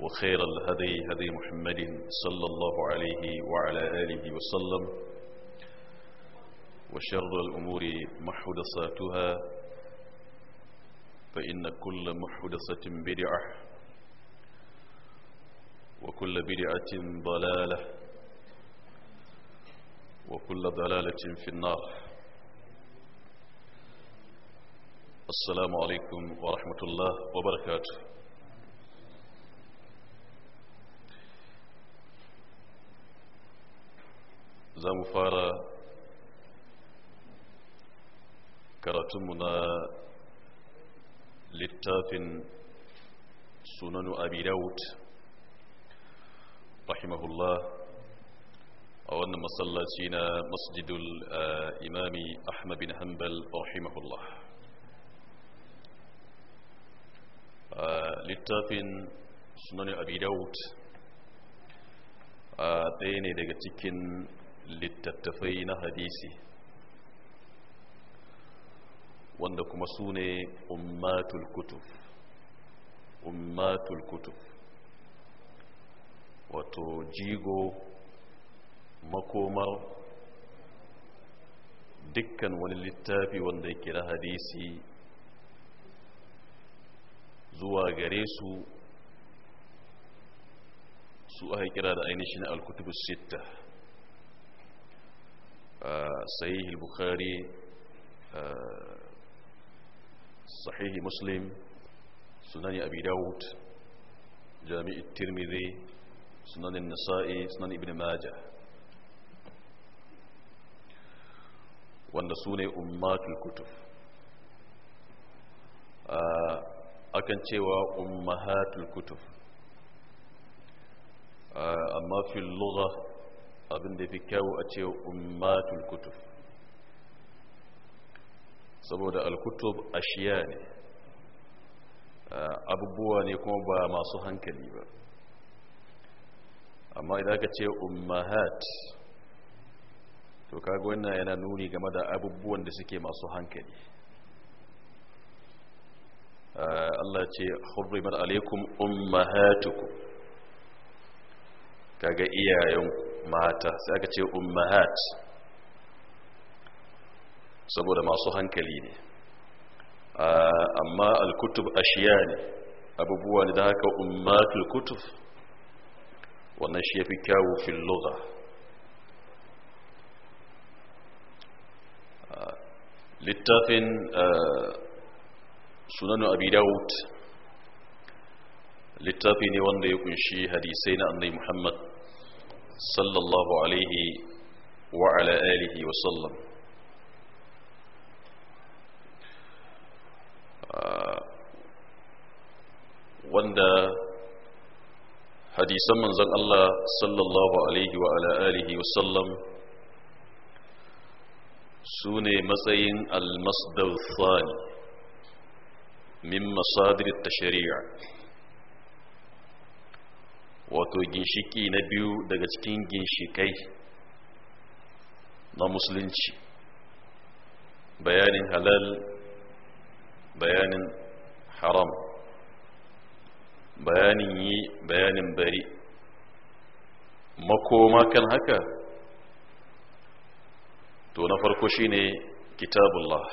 وخير الهدي هدي محمد صلى الله عليه وعلى آله وسلم وشر الأمور محدثاتها فإن كل محدثة بدعة وكل بدعة ضلالة وكل ضلالة في النار السلام عليكم ورحمة الله وبركاته za mu fara karatunmu na littafin sunanu abi daud rahimahullah a wannan masallaci na masjidul imami ahmad bin hanbal rahimahullah littafin sunanu abi daud ɗaya ne daga cikin littattafai na hadisi wanda kuma su ne ummatul kutub wato jigo makomar dukkan wani littafi wanda ya kira hadisi zuwa gare su su aka kira da ainihin alkutubu sitta صحيح البخاري صحيح مسلم سنن أبي داود جامع الترمذي سنن النسائي سنن ابن ماجه wanda أمات الكتب أكن kutub أمهات الكتب أما في اللغة abin da fi kyau a ce ummatul kutub saboda alkutub ashiya ne ah, abubuwa ne kuma ba masu hankali ba amma idan ka ce ummahat to kaga wannan yana nuni game da abubuwan da suke masu hankali ah, Allah ce hurrimat alaikum ummahatukum kaga iyayenku mata sai aka ce ummahat saboda masu hankali ne amma al-kutub ashiya ne abubuwa ne da haka ummatul kutub wannan shi yafi kyawu fil lugha littafin sunan abi daud littafi ne wanda ya kunshi hadisai na annabi muhammad صلى الله عليه وعلى آله وسلم wanda hadisan manzon Allah sallallahu alaihi wa ala alihi wasallam su ne matsayin almasdar thani min masadir ta shari'a wato ginshiki na biyu daga cikin ginshikai na musulunci bayanin halal bayanin haram bayanin yi bayanin bari makoma kan haka to na farko shine kitabullah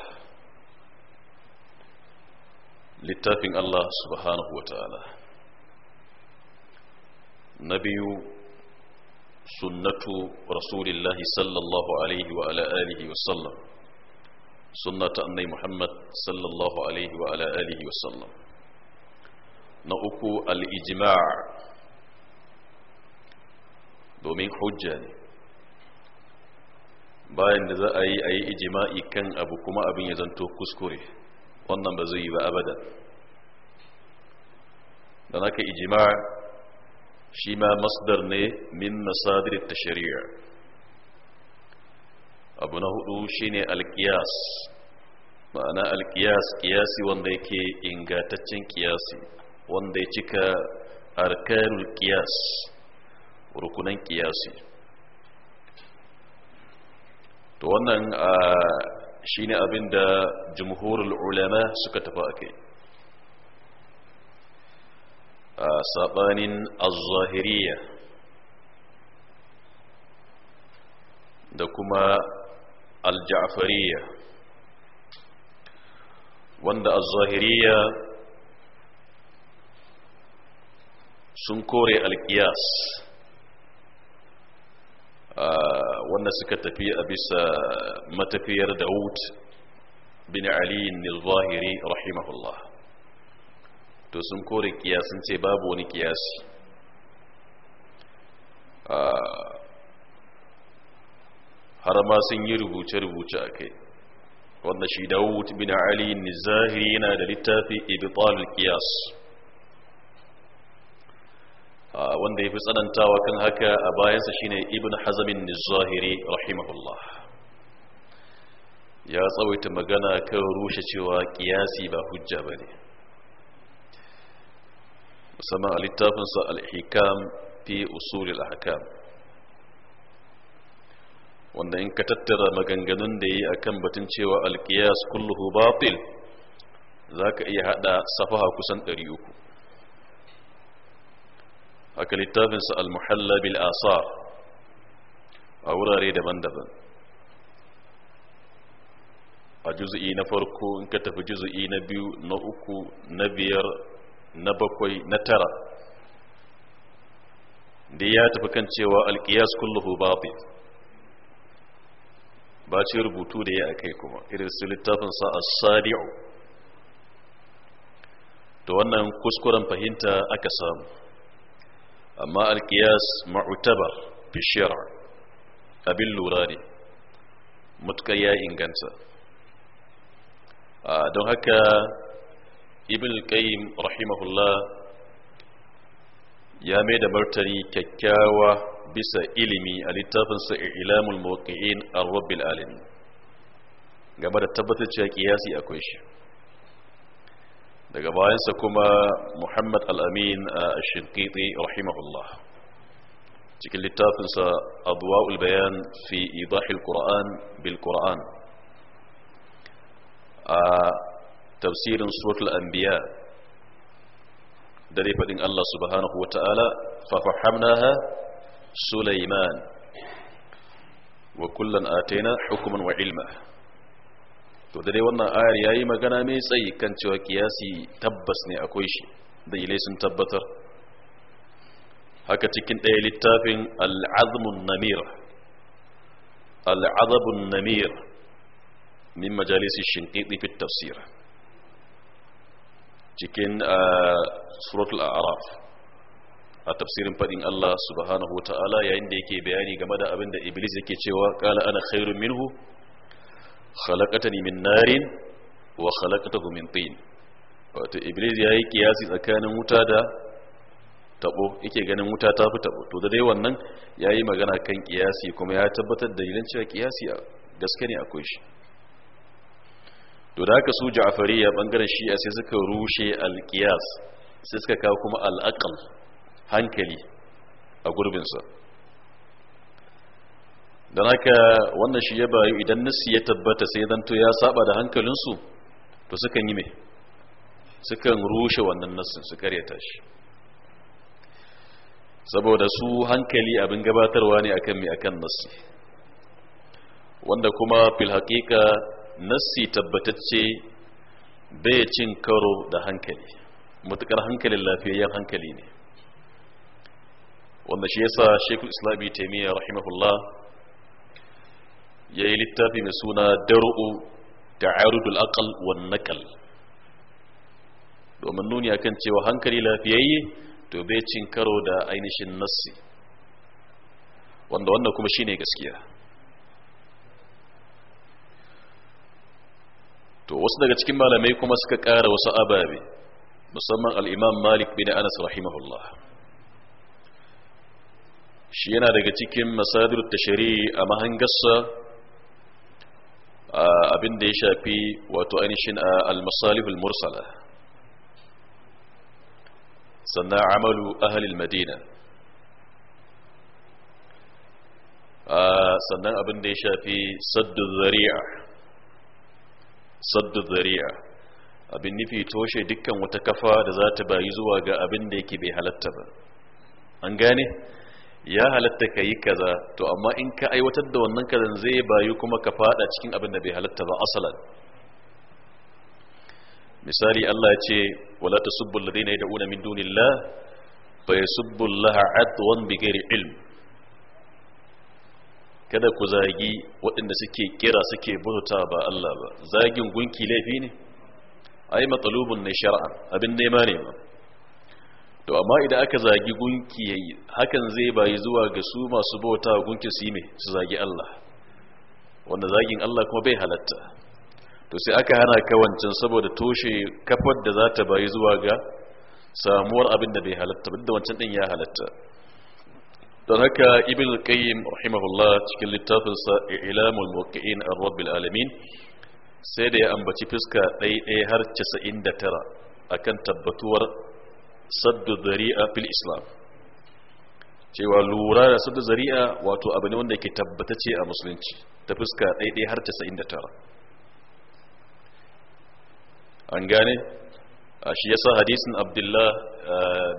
littafin Allah subhanahu wa ta'ala na biyu sunnatu rasulillahi sallallahu alaihi wa ala alihi wa sallam sunna ta annai muhammad sallallahu alaihi wa ala alihi wa sallam na uku al domin hujja ne bayan da za a yi a yi ijima'i kan abu kuma abin ya zanto kuskure wannan ba zai yi ba abada don haka ijima'a shi ma masdar ne min masadir ta shari'a abu na hudu shine alkiyas ma'ana alkiyas kiyasi wanda yake ingataccen kiyasi wanda ya cika arkanul kiyas rukunan kiyasi to wannan shine abinda jumhurul ulama suka tafi kai saɓanin al-zahiriya da kuma al-ja'fariya wanda al-zahiriya sun kore al-qiyas wanda suka tafi a bisa matafiyar Dawud bin ali al-zahiri rahimahullah to sun kore kiyas sun ce babu wani kiyasi har ma sun yi rubuce-rubuce a kai wanda shi dawud bin ali nizahiri yana da littafi ibital kiyas wanda ya fi tsanantawa kan haka a bayansa shine ibn hazamin nizahiri rahimahullah ya tsawaita magana kan rushe cewa kiyasi ba hujja ba ne musamman a littafinsa al-hikam fi usulil ahkam wanda in ka tattara maganganun da yi akan batun cewa alkiyas kulluhu batil zaka iya hada safaha kusan 300 haka littafinsa al-muhalla bil asar a wurare daban-daban a juzu'i na farko in ka tafi juzu'i na biyu na uku na biyar na bakwai na tara da ya tafi kan cewa alkiyas kulluhu batil ba ce rubutu da ya akai kuma irin su littafin sa as-sadi'u to wannan kuskuren fahimta aka samu amma alkiyas mautaba fi shari'a abin lura ne mutukar ya inganta don haka ibn qayyim rahimahullah ya mai da martani kyakkyawa bisa ilimi a littafinsa ilamul muwaqqi'in ar-rabbil alamin game da tabbatar cewa kiyasi akwai shi daga bayansa kuma muhammad al-amin a shinkiti rahimahullah cikin littafinsa adwa'ul bayan fi idahil qur'an bil qur'an a تفسير سورة الأنبياء دليل فإن الله سبحانه وتعالى ففحمناها سليمان وكلا آتينا حكما وعلما تدري وانا آير يا إيما غنامي سي كان تيوى تبسني أكويشي دي ليس تبتر هكا تكين اي للتافين العظم النمير العظم النمير من مجالس الشنقيطي في التفسير cikin eh, suratul a'raf a tafsirin fadin Allah subhanahu wa ta'ala yayin da yake bayani game da abin da iblis yake cewa kala ana khairun minhu khalaqatani min narin wa khalaqatahu min tin wato iblis yayi kiyasi tsakanin wuta da tabo yake ganin wuta ta fi tabo to da dai wannan yayi magana kan kiyasi kuma ya tabbatar da dalilin cewa kiyasi gaske ne akwai shi to da haka su ja'fariya bangaren shi'a sai suka rushe alqiyas sai suka kawo kuma al'aqal hankali a gurbin gurbinsa dan haka wannan shi ya bayu idan nasi ya tabbata sai dan to ya saba da hankalin su to sukan yi me sukan rushe wannan nassin su karyata shi saboda su hankali abin gabatarwa ne akan me akan nasi wanda kuma fil haqiqa nassi tabbatacce bai cin karo da hankali matukar hankalin lafiyayyen hankali ne wanda shi yasa shekul islami taimiyya rahimahullah ya yi littafi mai suna daru'u ta'arudul aqal wan nakal domin nuni akan cewa hankali lafiyayye to bai cin karo da ainihin nassi wanda wannan kuma shine gaskiya wasu daga cikin malamai kuma suka ƙara wasu ababe musamman al'imam malik bin anas rahimahullah shi yana daga cikin masadir tashari a mahangarsa abin da ya shafi wato ainihin al-masalihul mursala sannan amalu ahalil madina sannan abin da ya shafi saddu zari'a saddu zari'a abin nufi toshe dukkan wata kafa da za ta bayi zuwa ga abin da yake bai halatta ba an gane ya halatta ka yi kaza to amma in ka aiwatar da wannan kazan zai bayu kuma ka fada cikin abin da bai halatta ba asalan misali Allah ya ce wala tasubbu alladhina yad'una min dunillah fa yasubbu Allah adwan bighairi ilm kada ku zagi waɗanda suke kira suke bauta ba Allah ba zagin gunki laifi ne ai matsalubun ne shar'a abin nema ne ba to amma idan aka zagi gunki yayi hakan zai bayi zuwa ga su masu bauta gunki su yi su zagi Allah wanda zagin Allah kuma bai halatta to sai aka hana ka wancan saboda toshe kafar da za ta bayi zuwa ga samuwar abin da bai halatta duk da wancan din ya halatta don haka ibn al-qayyim rahimahullah cikin littafinsa ilamul muqiin ar-rabbil alamin sai da ya ambaci fiska ɗaiɗaya har 99 akan tabbatuwar saddu zari'a fil islam cewa lura da saddu zari'a wato abu ne wanda ke tabbatace a musulunci ta fuska ɗaiɗaya har 99 an gane shi yasa hadisin abdullah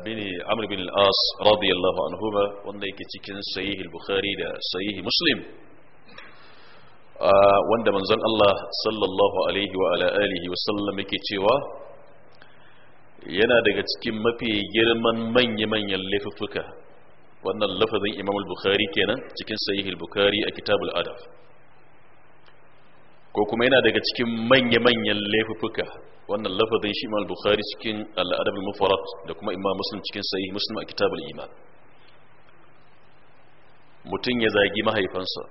bin amr bin al-as radiyallahu anhuma wanda yake cikin sahih bukhari da sahih muslim wanda manzon Allah sallallahu alaihi wa ala alihi wa sallam yake cewa yana daga cikin mafi girman manya-manyan laifuffuka wannan lafazin imam al-bukhari kenan cikin sahih bukhari a kitab al-adab ko kuma yana daga cikin manya-manyan laifuka wannan lafazin shi imam bukhari cikin al'adab al-mufarad da kuma imam muslim cikin sahih muslim a kitab al-iman mutum ya zagi mahaifansa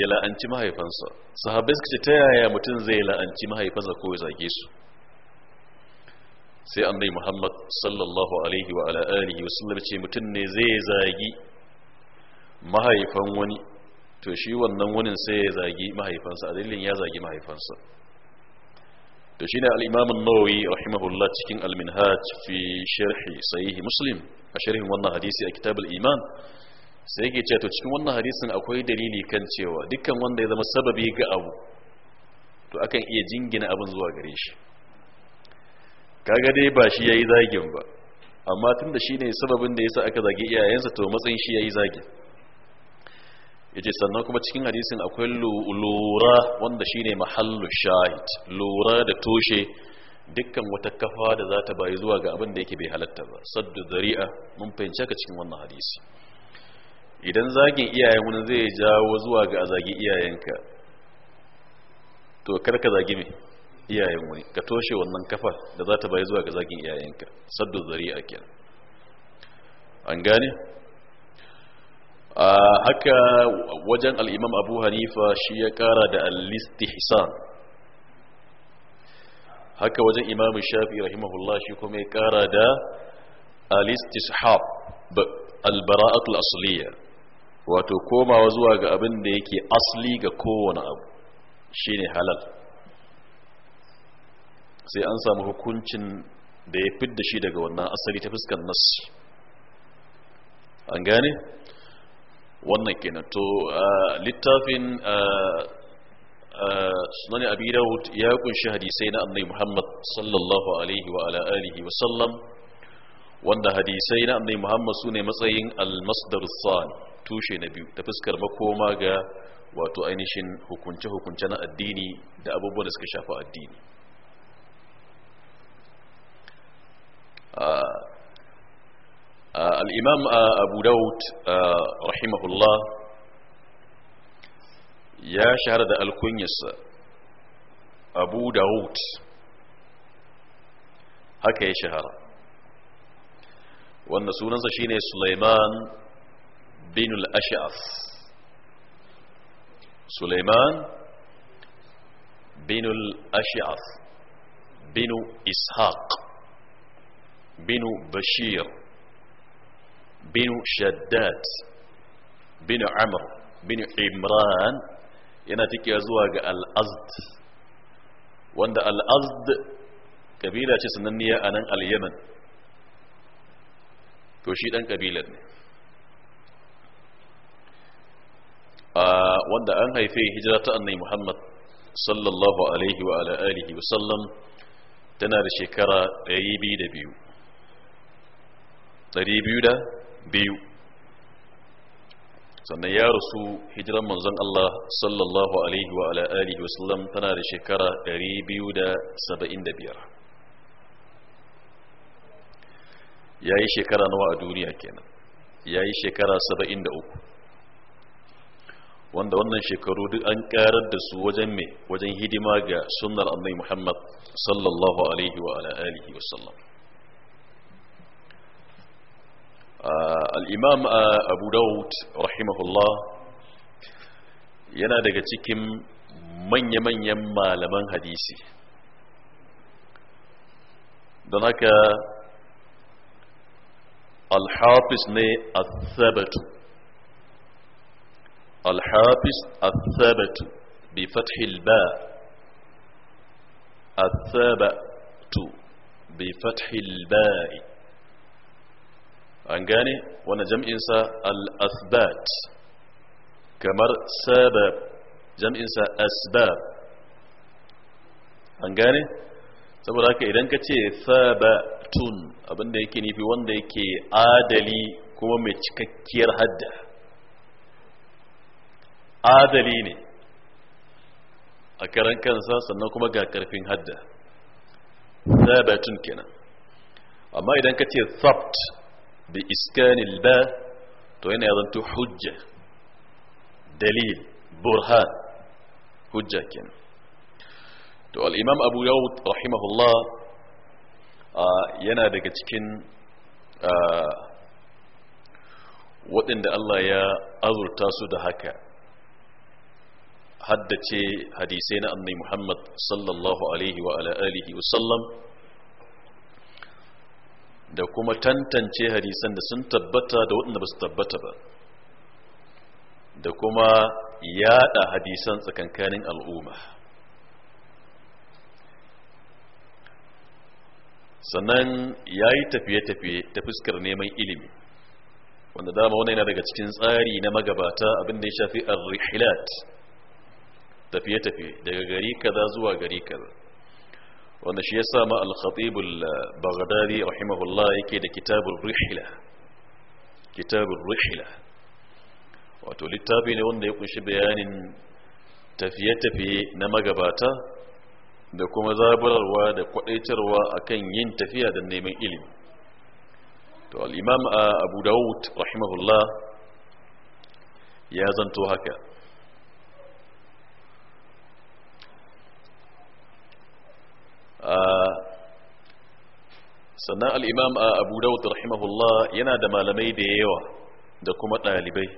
ya la'anci mahaifansa sahabbai suka ce ta yaya mutum zai la'anci mahaifansa ko ya zage su sai annabi muhammad sallallahu alaihi wa ala alihi wa sallam ce mutum ne zai zagi mahaifan wani to shi wannan wunin sai ya zagi mahaifansa a dalilin ya zagi mahaifansa to shi ne al'imamun nawawi rahimahullah cikin alminhaj fi sharhi sahihi muslim a sharhin wannan hadisi a kitabul iman sai yake ce to cikin wannan hadisin akwai dalili kan cewa dukkan wanda ya zama sababi ga abu to akan iya jingina abin zuwa gare shi kaga dai ba shi yayi zagin ba amma tunda shine sababin da ya sa aka zagi iyayensa to matsayin shi yayi zagin yace sannan kuma cikin hadisin akwai lura wanda shine mahallu shahid lura da toshe dukkan wata kafa da za ta bayi zuwa ga abin da yake bai halatta ba saddu zari'a mun fahimci ka cikin wannan hadisi idan zagin iyayen wani zai jawo zuwa ga zagi iyayenka to karka zagi me iyayen wani ka toshe wannan kafa da za ta bayi zuwa ga zagin iyayenka saddu zari'a kenan an gane haka wajen al'imam abu hanifa shi ya kara da al hisan haka wajen imam shafi rahimahullah shi kuma ya kara da al-istishab al-bara'atul asliya wato komawa zuwa ga abin da yake asli ga kowane abu Shi ne halal sai an samu hukuncin da ya fidda shi daga wannan asali ta fuskan nasu an gane wannan kenan to littafin sunan abi daud ya kunshi hadisai na annabi muhammad sallallahu alaihi wa ala alihi wa sallam wanda hadisai na annabi muhammad sune matsayin al sani tushe na biyu ta fuskar makoma ga wato ainihin hukunce-hukunce na addini da abubuwan da suka shafa addini آه، الإمام آه، أبو داود آه، رحمه الله يا شهر ذا الكونيس أبو داود هكا يا شهر والنسونا سننسى شيني سليمان بن الأشعث سليمان بن الأشعث بن إسحاق بن بشير bin shaddad bin amr bin imran yana tike zuwa ga al-azd wanda al-azd kabila ce sananniya a nan al-yaman to shi dan kabilar ne wanda an haife hijira ta annai muhammad sallallahu alaihi wa ala alihi wa sallam tana da shekara biyu 202 202 biyu sannan ya rasu hijiran manzon Allah sallallahu alaihi wa ala alihi wa sallam tana da shekara 275 yi shekara nawa a duniya kenan Ya yi shekara 73 wanda wannan shekaru duk an karar da su wajen me wajen hidima ga sunnar annabi Muhammad sallallahu alaihi wa ala alihi wa sallam al'imam abu daud rahimahullah yana daga cikin manya-manyan malaman hadisi don haka alhafis ne athabatu alhafis athabatu bi fathil ba athabatu bi fathil ba'i an gane wani jam'insa al-asbat kamar sabab jam'insa asbab an gane saboda haka idan ka ce sabatun abinda yake nufi wanda yake adali kuma mai cikakkiyar hadda adali ne a karan kansa sannan kuma ga karfin hadda sabatun kenan amma idan ka ce sabt bi iskanil ba to yana zanto hujja dalil burhan hujja kenan to al-imam abu yawud rahimahullah yana daga cikin waɗanda Allah ya azurta su da haka haddace hadisai na annai Muhammad sallallahu alaihi wa ala wa sallam da kuma tantance hadisan da sun tabbata da waɗanda ba su tabbata ba da kuma yada hadisan tsakankanin al'umma sannan ya yi tafiye-tafiye ta fuskar neman ilimi wanda dama wani yana daga cikin tsari na magabata abinda ya shafi al tafiye-tafiye daga gari kaza zuwa gari kaza wanda shi ya sama al-khatibul baghdadi rahimahullah yake da kitabul rihla kitabul rihla wato littafi ne wanda ya kunshi bayanin tafiye-tafiye na magabata da kuma zaburarwa da kwadaitarwa akan yin tafiya da neman ilimi to al-imam abu dawud rahimahullah ya zanto haka Ah, sannan al'imam a ah, abu daud rahimahullah yana da malamai da yawa da kuma ɗalibai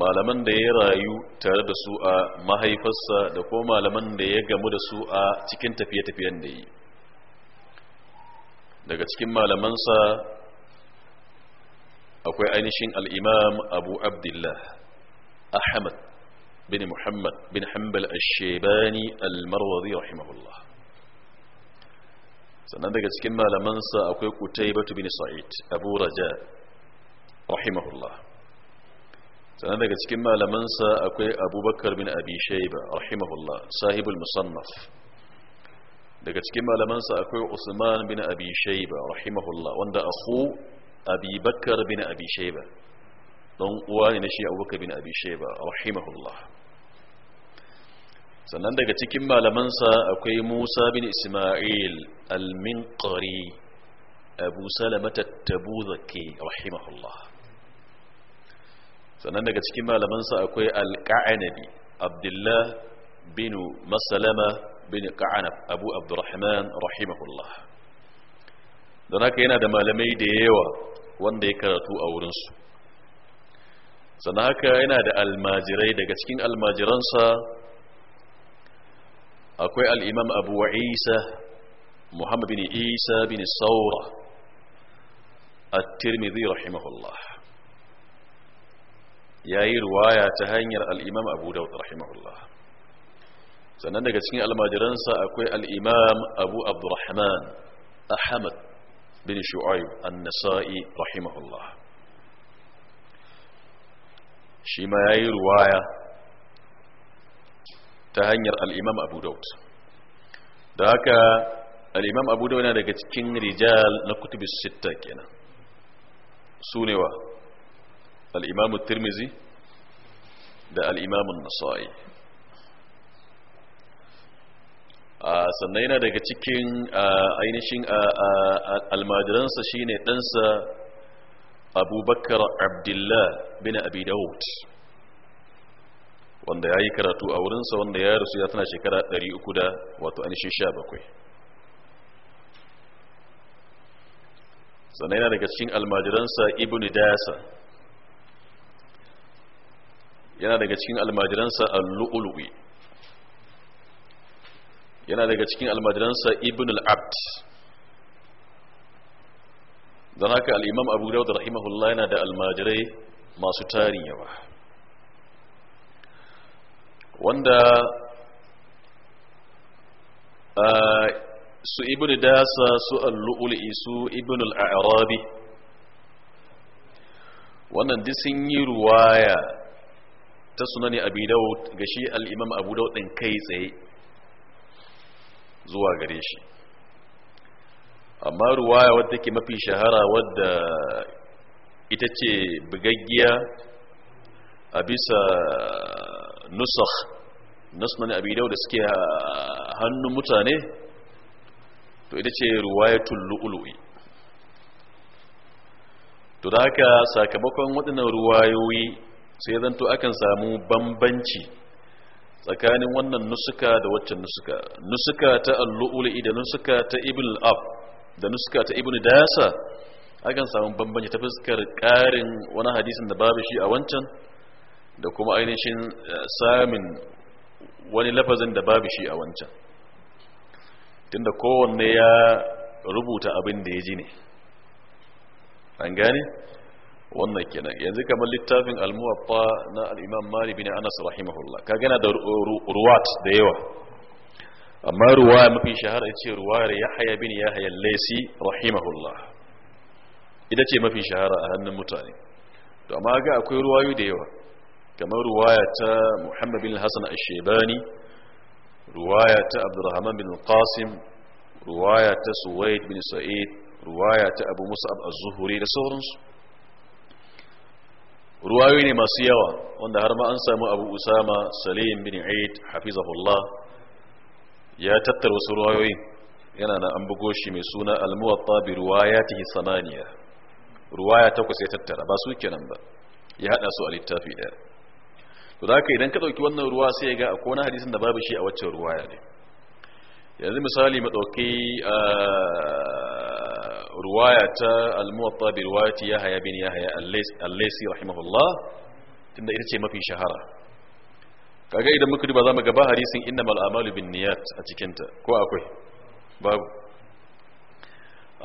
malaman da ya rayu tare da su a mahaifarsa da kuma malaman da ya gamu da su a cikin tafiye-tafiyen da yi daga cikin malamansa akwai ainihin al'imam abu abdullah ahmad bin muhammad bin hanbal al-shebani al-marwazi rahimahullah sannan daga cikin malamansa akwai kutaybatu bin sa'id abu raja rahimahullah sannan daga cikin malamansa akwai abubakar bin abi shayba rahimahullah sahibul musannaf daga cikin malamansa akwai usman bin abi shayba rahimahullah wanda akhu abi bakar bin abi shayba don uwa ne na shi abubakar bin abi shayba rahimahullah sannan daga cikin malamansa akwai musa bin ismail al-minqari abu salamata tabuzaki rahimahullah sannan daga cikin malamansa akwai al-ka'anabi abdullah bin masalama bin ka'anab abu abdurrahman rahimahullah don haka yana da malamai da yawa wanda ya karatu a wurinsu sannan haka yana da almajirai daga cikin almajiransa akwai al'imam abu isa muhammad bin isa bin saura a tirmidhi rahimahullah ya yi ruwaya ta hanyar al'imam abu daud rahimahullah sannan daga cikin almajiransa akwai al'imam abu abdurrahman ahmad bin shu'aib an-nasa'i rahimahullah shi ma ya yi ruwaya ta hanyar al'imam abu daud da haka al'imam abu daud na daga cikin rijal na kutubis shitta kenan su ne wa al'imamun tirmizi da al'imamun nasa'i sannan yana daga cikin ainihin almadiransa shine ɗansa abubakar abdullah bin abi daud wanda ya yi karatu a wurinsa wanda ya rasu ya tana shekara 300 da wato anishin 17 sannan yana daga cikin almajiransa ibn dasa yana daga cikin almajiransa al-lu'ulwi yana daga cikin almajiransa ibn al-abd don al-imam abu dawud rahimahullah yana da almajirai masu tarin yawa wanda uh, su ibn dasa su al-lu'lu'i su ibn al-a'rabi wannan duk sun yi ruwaya ta sunani abi daud ga shi al-imam abu daud din kai tsaye zuwa gare shi amma ruwaya wadda ke mafi shahara wadda ita ce bugaggiya a bisa nusakh na abi daud da suke ah, hannun mutane to ita ce ruwayatul lu'lu'i to da haka sakamakon waɗannan ruwayoyi sai zanto akan samu bambanci tsakanin wannan nusuka da waccan nusuka nusuka ta al-lu'lu'i da nusuka ta ibn al-ab da nusuka ta ibn dasa akan samu bambanci ta fuskar ƙarin wani hadisin da babu shi a wancan da kuma ainihin eh, samin wani lafazin da babu shi a wancan tunda kowanne ya rubuta abin da ya ji ne an gane wannan kenan yanzu kamar littafin al na al’imam Mari, bin anas rahimahullah ka gana da ruwat da yawa amma ruwaya mafi shahara ce ruwayar haya bin ya haya laisi rahimahullah ita ce mafi shahara a hannun mutane to amma ga akwai ruwayu da yawa kamar ruwaya ta muhammad bin hassan ashebani ruwaya ta abdurrahman bin qasim ruwaya ta suwaid bin sa'id ruwaya ta abu musab az-zuhuri da sauransu ruwayoyi ne masu yawa wanda har ma an samu abu usama salim bin aid hafizahullah ya tattara wasu ruwayoyi yana na an bugo shi mai suna al-muwatta bi ruwayatihi samaniya ruwaya takwas ya tattara ba su kenan ba ya hada su a littafi daya to da idan ka dauki wannan ruwa sai ga akwai wani hadisin da babu shi a waccan ya ne yanzu misali mu dauki a ruwaya ta al-muwatta bi ruwayati yahya bin yahya al-laysi rahimahullah tunda ita ce mafi shahara kaga idan muka duba zamu ga ba hadisin innamal a'malu bin niyyat a cikin ta ko akwai babu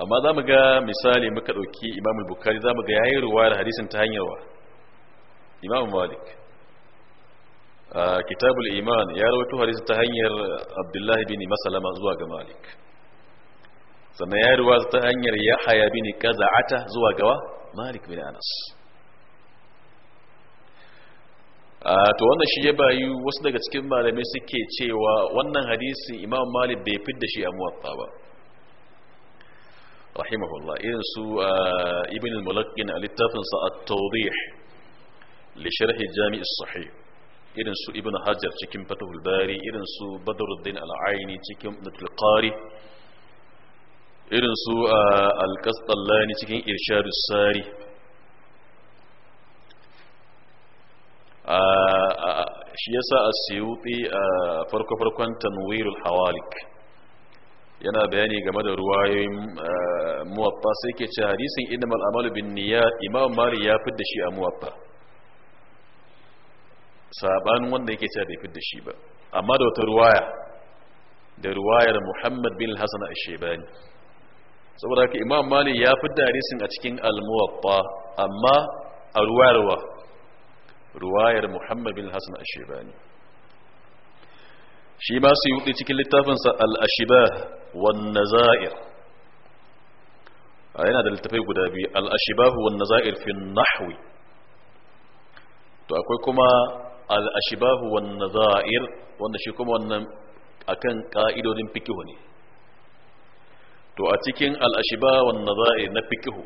amma zamu ga misali muka ɗauki imam bukhari zamu ga yayi ruwayar hadisin ta hanyarwa wa malik kitabul iman ya rawaito hadisi ta hanyar abdullahi bin masalama zuwa ga malik sannan ya rawaito ta hanyar haya bin qaza'ata zuwa ga malik bin anas to wannan shi ya bayu wasu daga cikin malamai suke cewa wannan hadisi imam malik bai fidda shi a muwatta ba rahimahullah irin su ibn al-mulaqqin a littafin sa at-tawdih li sharhi jami' as-sahih irin su ibn hajar cikin fatahul bari irin su badruddin al-aini cikin mutlqari irin su ah, al-qastallani cikin irshadus sari ah, ah, shi yasa as-suyuti farko farkon tanwirul hawalik yana bayani game da ruwayoyin muwatta sai ke ce hadisin innamal amalu bin niyyat imam mali ya fidda shi a muwatta sabanin wanda yake cewa bai fi da shi ba amma da wata ruwaya da ruwayar muhammad bin hassan a shebani. saboda haka imam mali ya fi da hadisin a cikin almuwatta amma a ruwayarwa ruwayar muhammad bin hassan a shebani. shi ma su yi cikin littafinsa al-ashibah wan nazair yana da littafai guda biyu al'ashibahu wa naza'ir fi nahwi to akwai kuma Al'ashibahu ashbahu wan wanda shi kuma wannan akan ka'idodin fikihu ne to a cikin al'ashibahu ashba wan na fikihu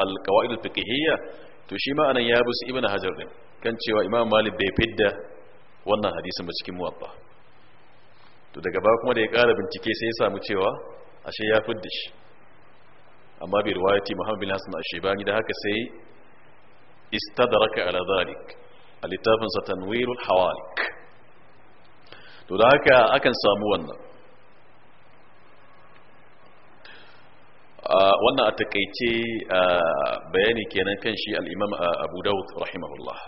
al-qawaid al to shi ma ya busu Ibn ibnu hajar din kan cewa imam malik bai fidda wannan hadisin ba cikin muwatta to daga ba kuma da ya ƙara bincike sai ya samu cewa ashe ya fidda shi amma bi riwayati muhammad bin hasan ashibani da haka sai istadraka ala dhalik a littafinsa tanwirul hawalik to da haka akan samu wannan wannan a takaice bayani kenan kan shi al'imam abu daud rahimahullah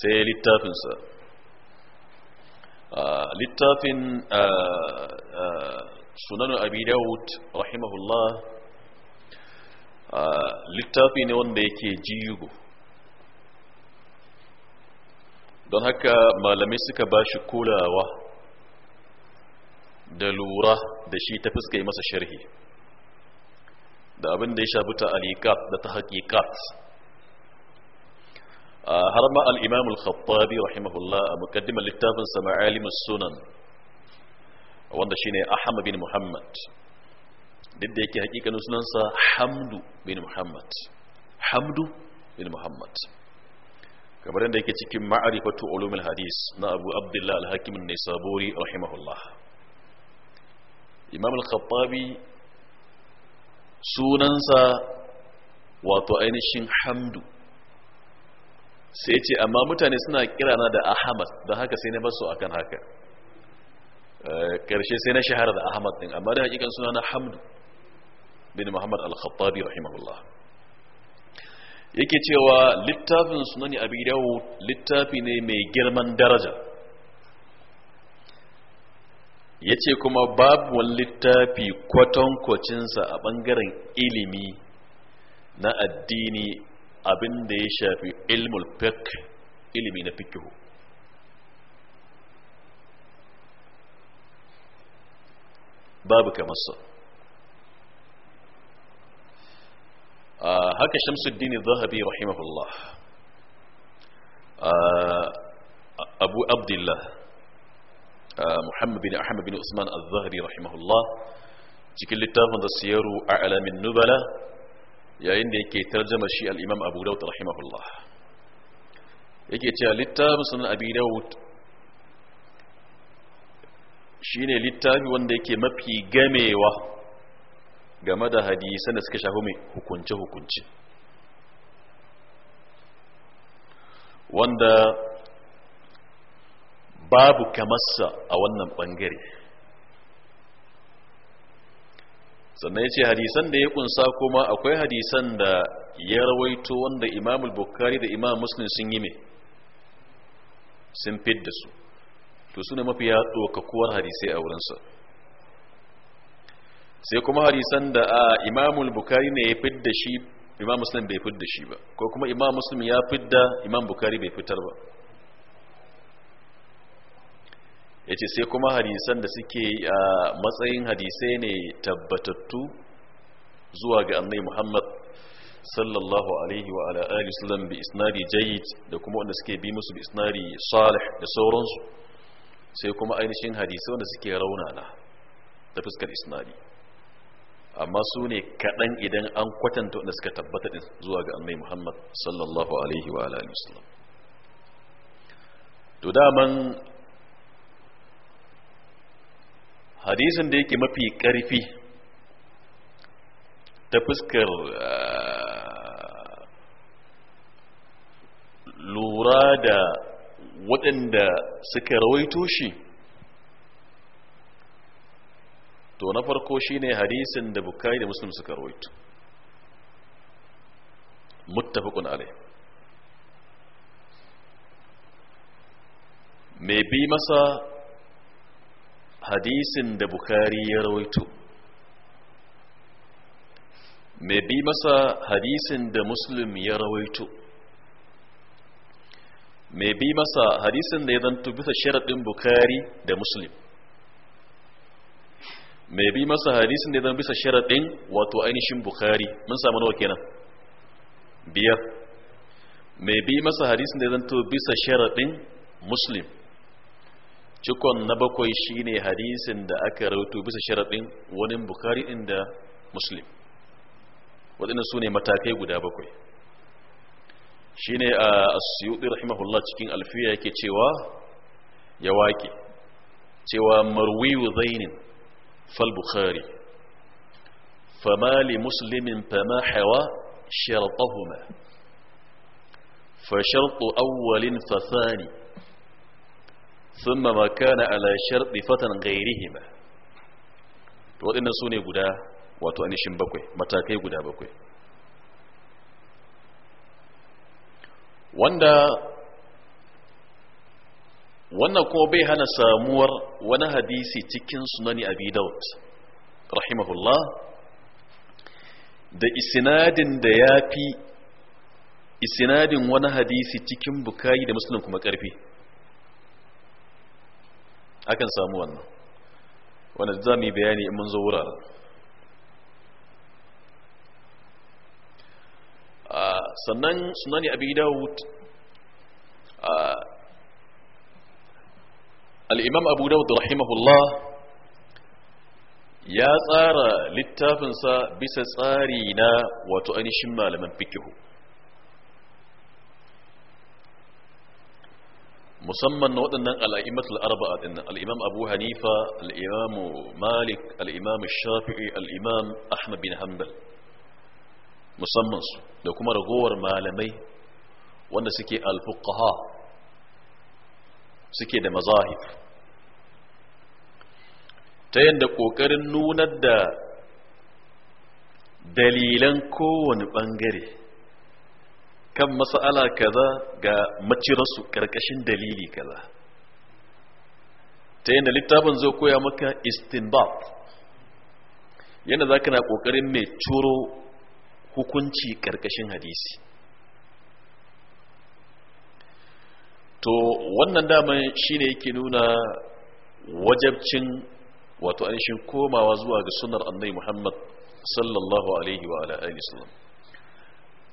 sai littafinsa littafin sunan abu daud rahimahullah littafi ne wanda yake jigo don haka malami suka ba shi kulawa da lura da shi ta fuska masa sharhi da abin da ya shafi ta alikat da ta haƙiƙat har ma al'imam al-khattabi rahimahullah a mukaddimar littafin sama alimus sunan wanda shine ahmad bin muhammad duk da yake hakikanin sunansa hamdu bin muhammad hamdu bin muhammad kamar yadda yake cikin ma'arifatu ulumul hadis na abu abdullah al-hakim an-nisaburi rahimahullah imam al-khattabi sunansa wato ainihin hamdu sai ce amma mutane suna kirana da ahmad don haka sai na basu akan haka eh, karshe sai na shahara da ahmad din amma da hakikan suna na hamdu bin muhammad al-khattabi rahimahullah yake cewa littafin sunani abi yau littafi ne mai girman daraja ya ce kuma babu wani littafi kwatankwacinsa a ɓangaren ilimi na addini abin da ya shafi ilmul fiqh ilimi na fikihu babu kamarsa آه، هكا شمس الدين الذهبي رحمه الله آه، أبو عبد الله آه، محمد بن أحمد بن عثمان الذهبي رحمه الله تكل تافن السير أعلى من نبلة يا إني كي ترجم الشيء الإمام أبو داود رحمه الله يكي تيا لتاب سنة أبي داود شيني لتاب وان دي كي مبهي game da hadisan da suka shafi mai hukunce-hukunce wanda babu kamarsa a wannan bangare sannan ya ce hadisan da ya kunsa kuma akwai hadisan da ya rawaito wanda imam bukhari da imam muslim sun yi mai sun fidda su to su ne mafiya ɗaukakuwar hadisai a wurinsa sai kuma hadisan da imamul bukari ne ya fidda shi imam muslim bai fidda shi ba ko kuma imam muslim ya fidda imam bukari bai fitar ba ya ce sai kuma hadisan da suke a matsayin hadisai ne tabbatattu zuwa ga annai muhammad sallallahu alaihi wa ala alihi sallam bi isnadi jayyid da kuma wanda suke bi musu bi isnadi salih da sauransu sai kuma ainihin hadisai wanda suke raunana ta fuskar isnadi amma su ne kaɗan idan an kwatanta wanda suka tabbata din zuwa ga annai muhammad sallallahu alaihi wa alaihi wasallam to daman hadisin da yake mafi ƙarfi ta fuskar ah, lura da waɗanda suka rawaito shi to na farko shine hadisin da bukari da muslim suka rawaito muttafaqun alai Me bi masa hadisin da bukari ya rawaito Me bi masa hadisin da muslim ya rawaito Me bi masa hadisin da ya zanto bisa sharaɗin bukari da muslim mai bi masa hadisin da zan bisa sharaɗin wato ainihin bukhari mun samu nawa kenan biyar mai bi masa hadisin da zan to bisa sharaɗin muslim cikon na bakwai shine hadisin da aka rautu bisa sharaɗin wani bukhari inda muslim waɗannan su ne matakai guda bakwai shine a asyuɗi rahimahullah cikin alfiya yake cewa ya wake cewa marwiyu zainin فالبخاري فما لمسلم فما حوى شرطهما فشرط أول فثاني ثم ما كان على شرط فتن غيرهما وإن سوني قدا وتؤنشن بكوي متاكي قدا بكوي wanda wannan kuma bai hana samuwar wani hadisi cikin sunani abi daud rahimahullah da isinadin da ya fi isinadin wani hadisi cikin Bukayi da musulun kuma karfi akan samu wannan wanda za mu yi bayani in mun zo wuraren ah, sannan sunani abi daud ah, al'imam abu dawud rahimahullah ya tsara littafinsa bisa tsari na wato ainihin malaman fikihu musamman na waɗannan al'aimatul arba'a ɗinnan al'imam abu hanifa al'imam malik al'imam shafi'i al'imam ahmad bin hanbal musamman su da kuma ragowar malamai wanda suke alfuqaha suke da mazahib ta yadda ƙoƙarin nunar da dalilan kowane ɓangare kan masala kaza ga macirarsu ƙarƙashin dalili kaza ta yadda littafin zai koya maka istinbat yadda za ka na ƙoƙarin mai curo hukunci ƙarƙashin hadisi to wannan daman shine yake nuna wajabcin wato ainihin komawa zuwa ga sunar annai muhammad sallallahu alaihi wa alihi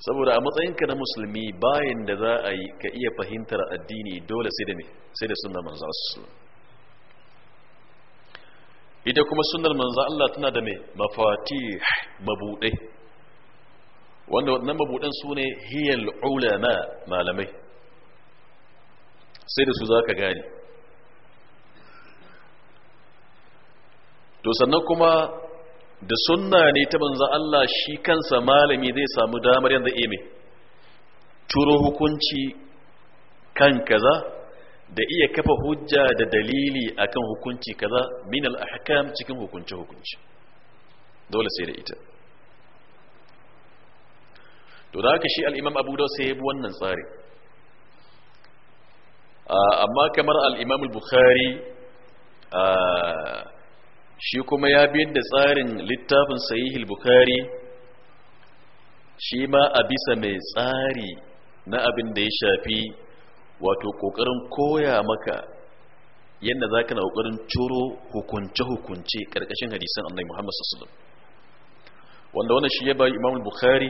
saboda a matsayinka na musulmi bayan da za a yi ka iya fahimtar addini dole sai da ne sai da sunnar manzo sallallahu ita kuma sunnar manza Allah tana da mai mafatih mabudai wanda waɗannan wannan mabudan sune hiyal ulama malamai sai da su za ka gane to sannan kuma da sunna ne ta banza Allah shi kansa malami zai samu damar yadda ime turo hukunci kan kaza da iya kafa hujja da dalili akan hukunci kaza min al-ahkam cikin hukunce hukunci dole sai da ita to da haka shi al-imam Abu sai ya bi wannan tsari Ah, amma kamar al'imamul bukhari ah, shi kuma ya biyar da tsarin littafin sahih bukhari shi ma a bisa mai tsari na abin da ya shafi wato ƙoƙarin koya maka yadda za ka na kokarin coro hukunce-hukunce ƙarƙashin hadisan annai muhammad sassalam wanda wannan shi ya bayi imam bukhari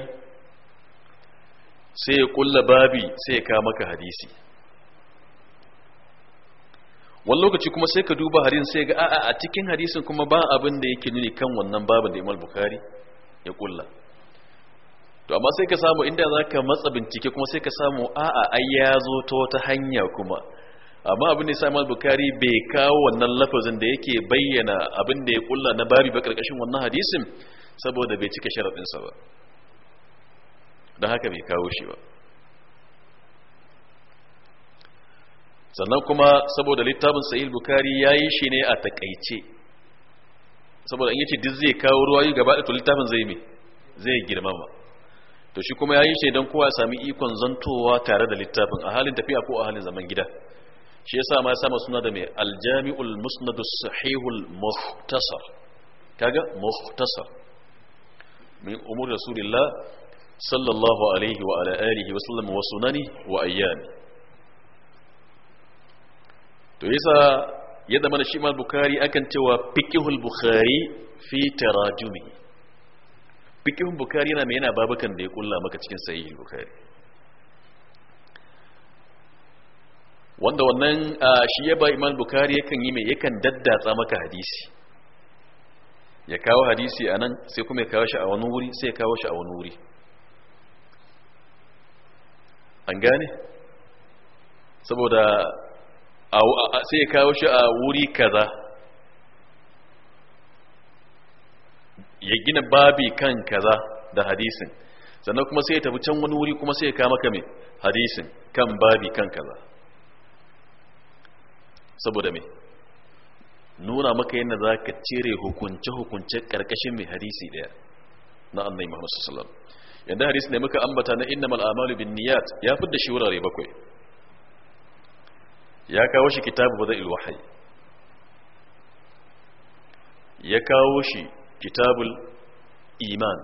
sai ya kulla babi sai ya kawo maka hadisi wani lokaci kuma sai ka duba harin sai ga a'a a cikin hadisin kuma ba abin da yake nuni kan wannan babin da Imam Bukhari ya kulla to amma sai ka samu inda zaka matsa bincike kuma sai ka samu a'a ai ya zo ta wata hanya kuma amma abin da ya samu bukari bai kawo wannan lafazin da yake bayyana abin da ya kulla na babi ba karkashin wannan hadisin saboda bai cika sharaɗinsa ba don haka bai kawo shi ba sannan kuma saboda littafin sahih bukari yayi shi ne a takaice saboda in yace duk zai kawo ruwayi gaba da to littafin zai me zai girmama to shi kuma yayi shi dan kowa ya sami ikon zantowa tare da littafin a halin tafiya ko a halin zaman gida shi yasa ma sama suna da mai aljami'ul musnadus sahihul muhtasar kaga muhtasar min umur rasulillah sallallahu alaihi wa ala alihi wa sallam wa sunani wa ayyami to yasa ya zama shi imam bukari akan cewa fiqhul bukhari fi tarajumi fiqhul Bukhari yana mai yana babakan da ya kulla maka cikin sahih Bukhari. wanda wannan shi ya ba imam bukari yakan yi mai yakan daddatsa maka hadisi ya kawo hadisi a nan sai kuma ya kawo shi a wani wuri sai ya kawo shi a wani wuri an gane saboda sai ya kawo shi a wuri kaza ya gina babi kan kaza da hadisin sannan kuma sai ya tafi can wani wuri kuma sai ya kawo maka mai hadisin kan babi kan kaza saboda mai nuna maka yadda za ka cire hukunce-hukunce ƙarƙashin mai hadisi ɗaya na annai muhammadu sallam yadda hadisi ne muka ambata na innamal amalu bin niyat ya fi da shi wurare bakwai ya kawo shi kitabu bada'il wahayi ya kawo shi kitabul iman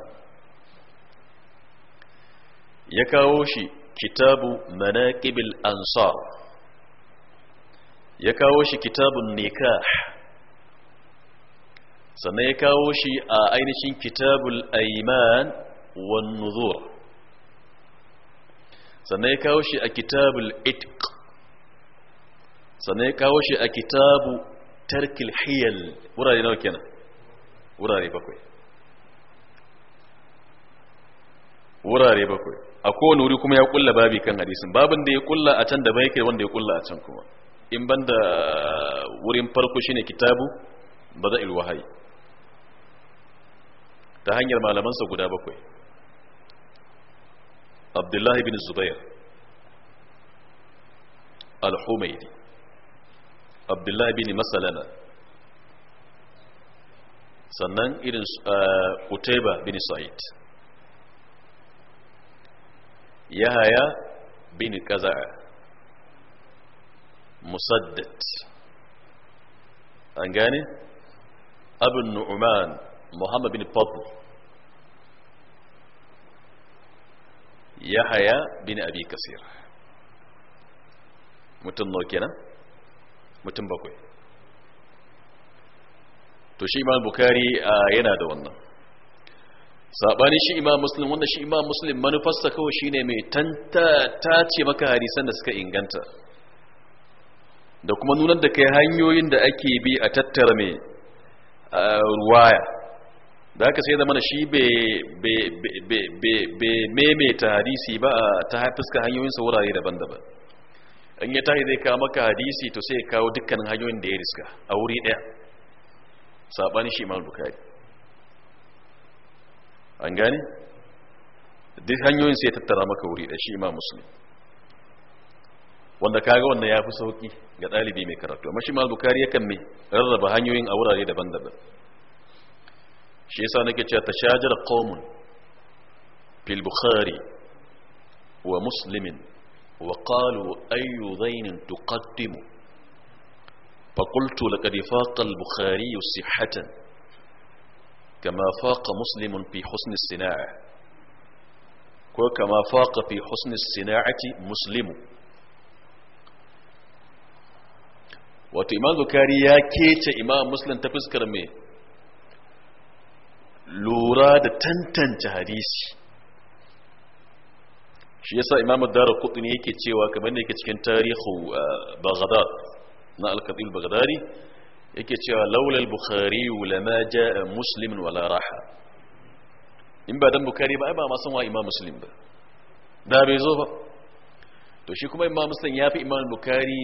ya kawo shi kitabu manaqibil ansar ya kawo shi kitabun nikah sannan ya kawo shi a ainihin kitabul aiman wan nuzur sannan ya kawo shi a kitabul itq sannan ya kawo shi a kitabu tarkil hiyal wurare nawa kenan wurare bakwai wurare bakwai a kowane wuri kuma ya kulla babi kan hadisin babin da ya kulla a can da bai kai wanda ya kulla a can kuma in banda wurin farko shine kitabu bada'il wahayi ta hanyar malamansa guda bakwai abdullahi bin zubair al humaydi Abdullah bin masalana sannan irin kutaiba bin sa'id yahaya bin kaza'a musaddad an gane abin nu'uman muhammad bin fadl yahaya bin abi kasir mutum nau kenan mutum bakwai to shi imam bukari yana da wannan saɓani shi imam muslim wannan shi imam muslim manufarsa kawai shine mai tanta ce maka hadisan da suka inganta da kuma nunar da kai hanyoyin da ake bi a tattara mai ruwaya da aka sai mana shi bai maimaita hadisi ba ta fuska hanyoyinsa wurare daban-daban in ya tahi zai kawo maka hadisi to sai ya kawo dukkanin hanyoyin da ya riska a wuri ɗaya saɓani shi imam bukari an gani duk hanyoyin sai ya tattara maka wuri ɗaya shi imam musulmi wanda kaga wannan ya fi sauƙi ga ɗalibi mai karatu amma shi imam bukari kan mai rarraba hanyoyin a wurare daban-daban shi yasa nake cewa tashajar qawmun fil bukhari wa muslimin وقالوا أي ذين تقدم فقلت لقد فاق البخاري صحة كما فاق مسلم في حسن الصناعة وكما فاق في حسن الصناعة مسلم wato imam bukari ya kece imam muslim ta fuskar mai lura da tantance hadisi shi yasa imamu dara kudin yake cewa kamar ne yake cikin tarihu baghdad na al-qatil baghdadi yake cewa laula al-bukhari lama jaa muslim wala raha in ba dan bukhari ba ai ba ma san wa imam muslim ba da bai zo ba to shi kuma imam muslim ya fi imam bukhari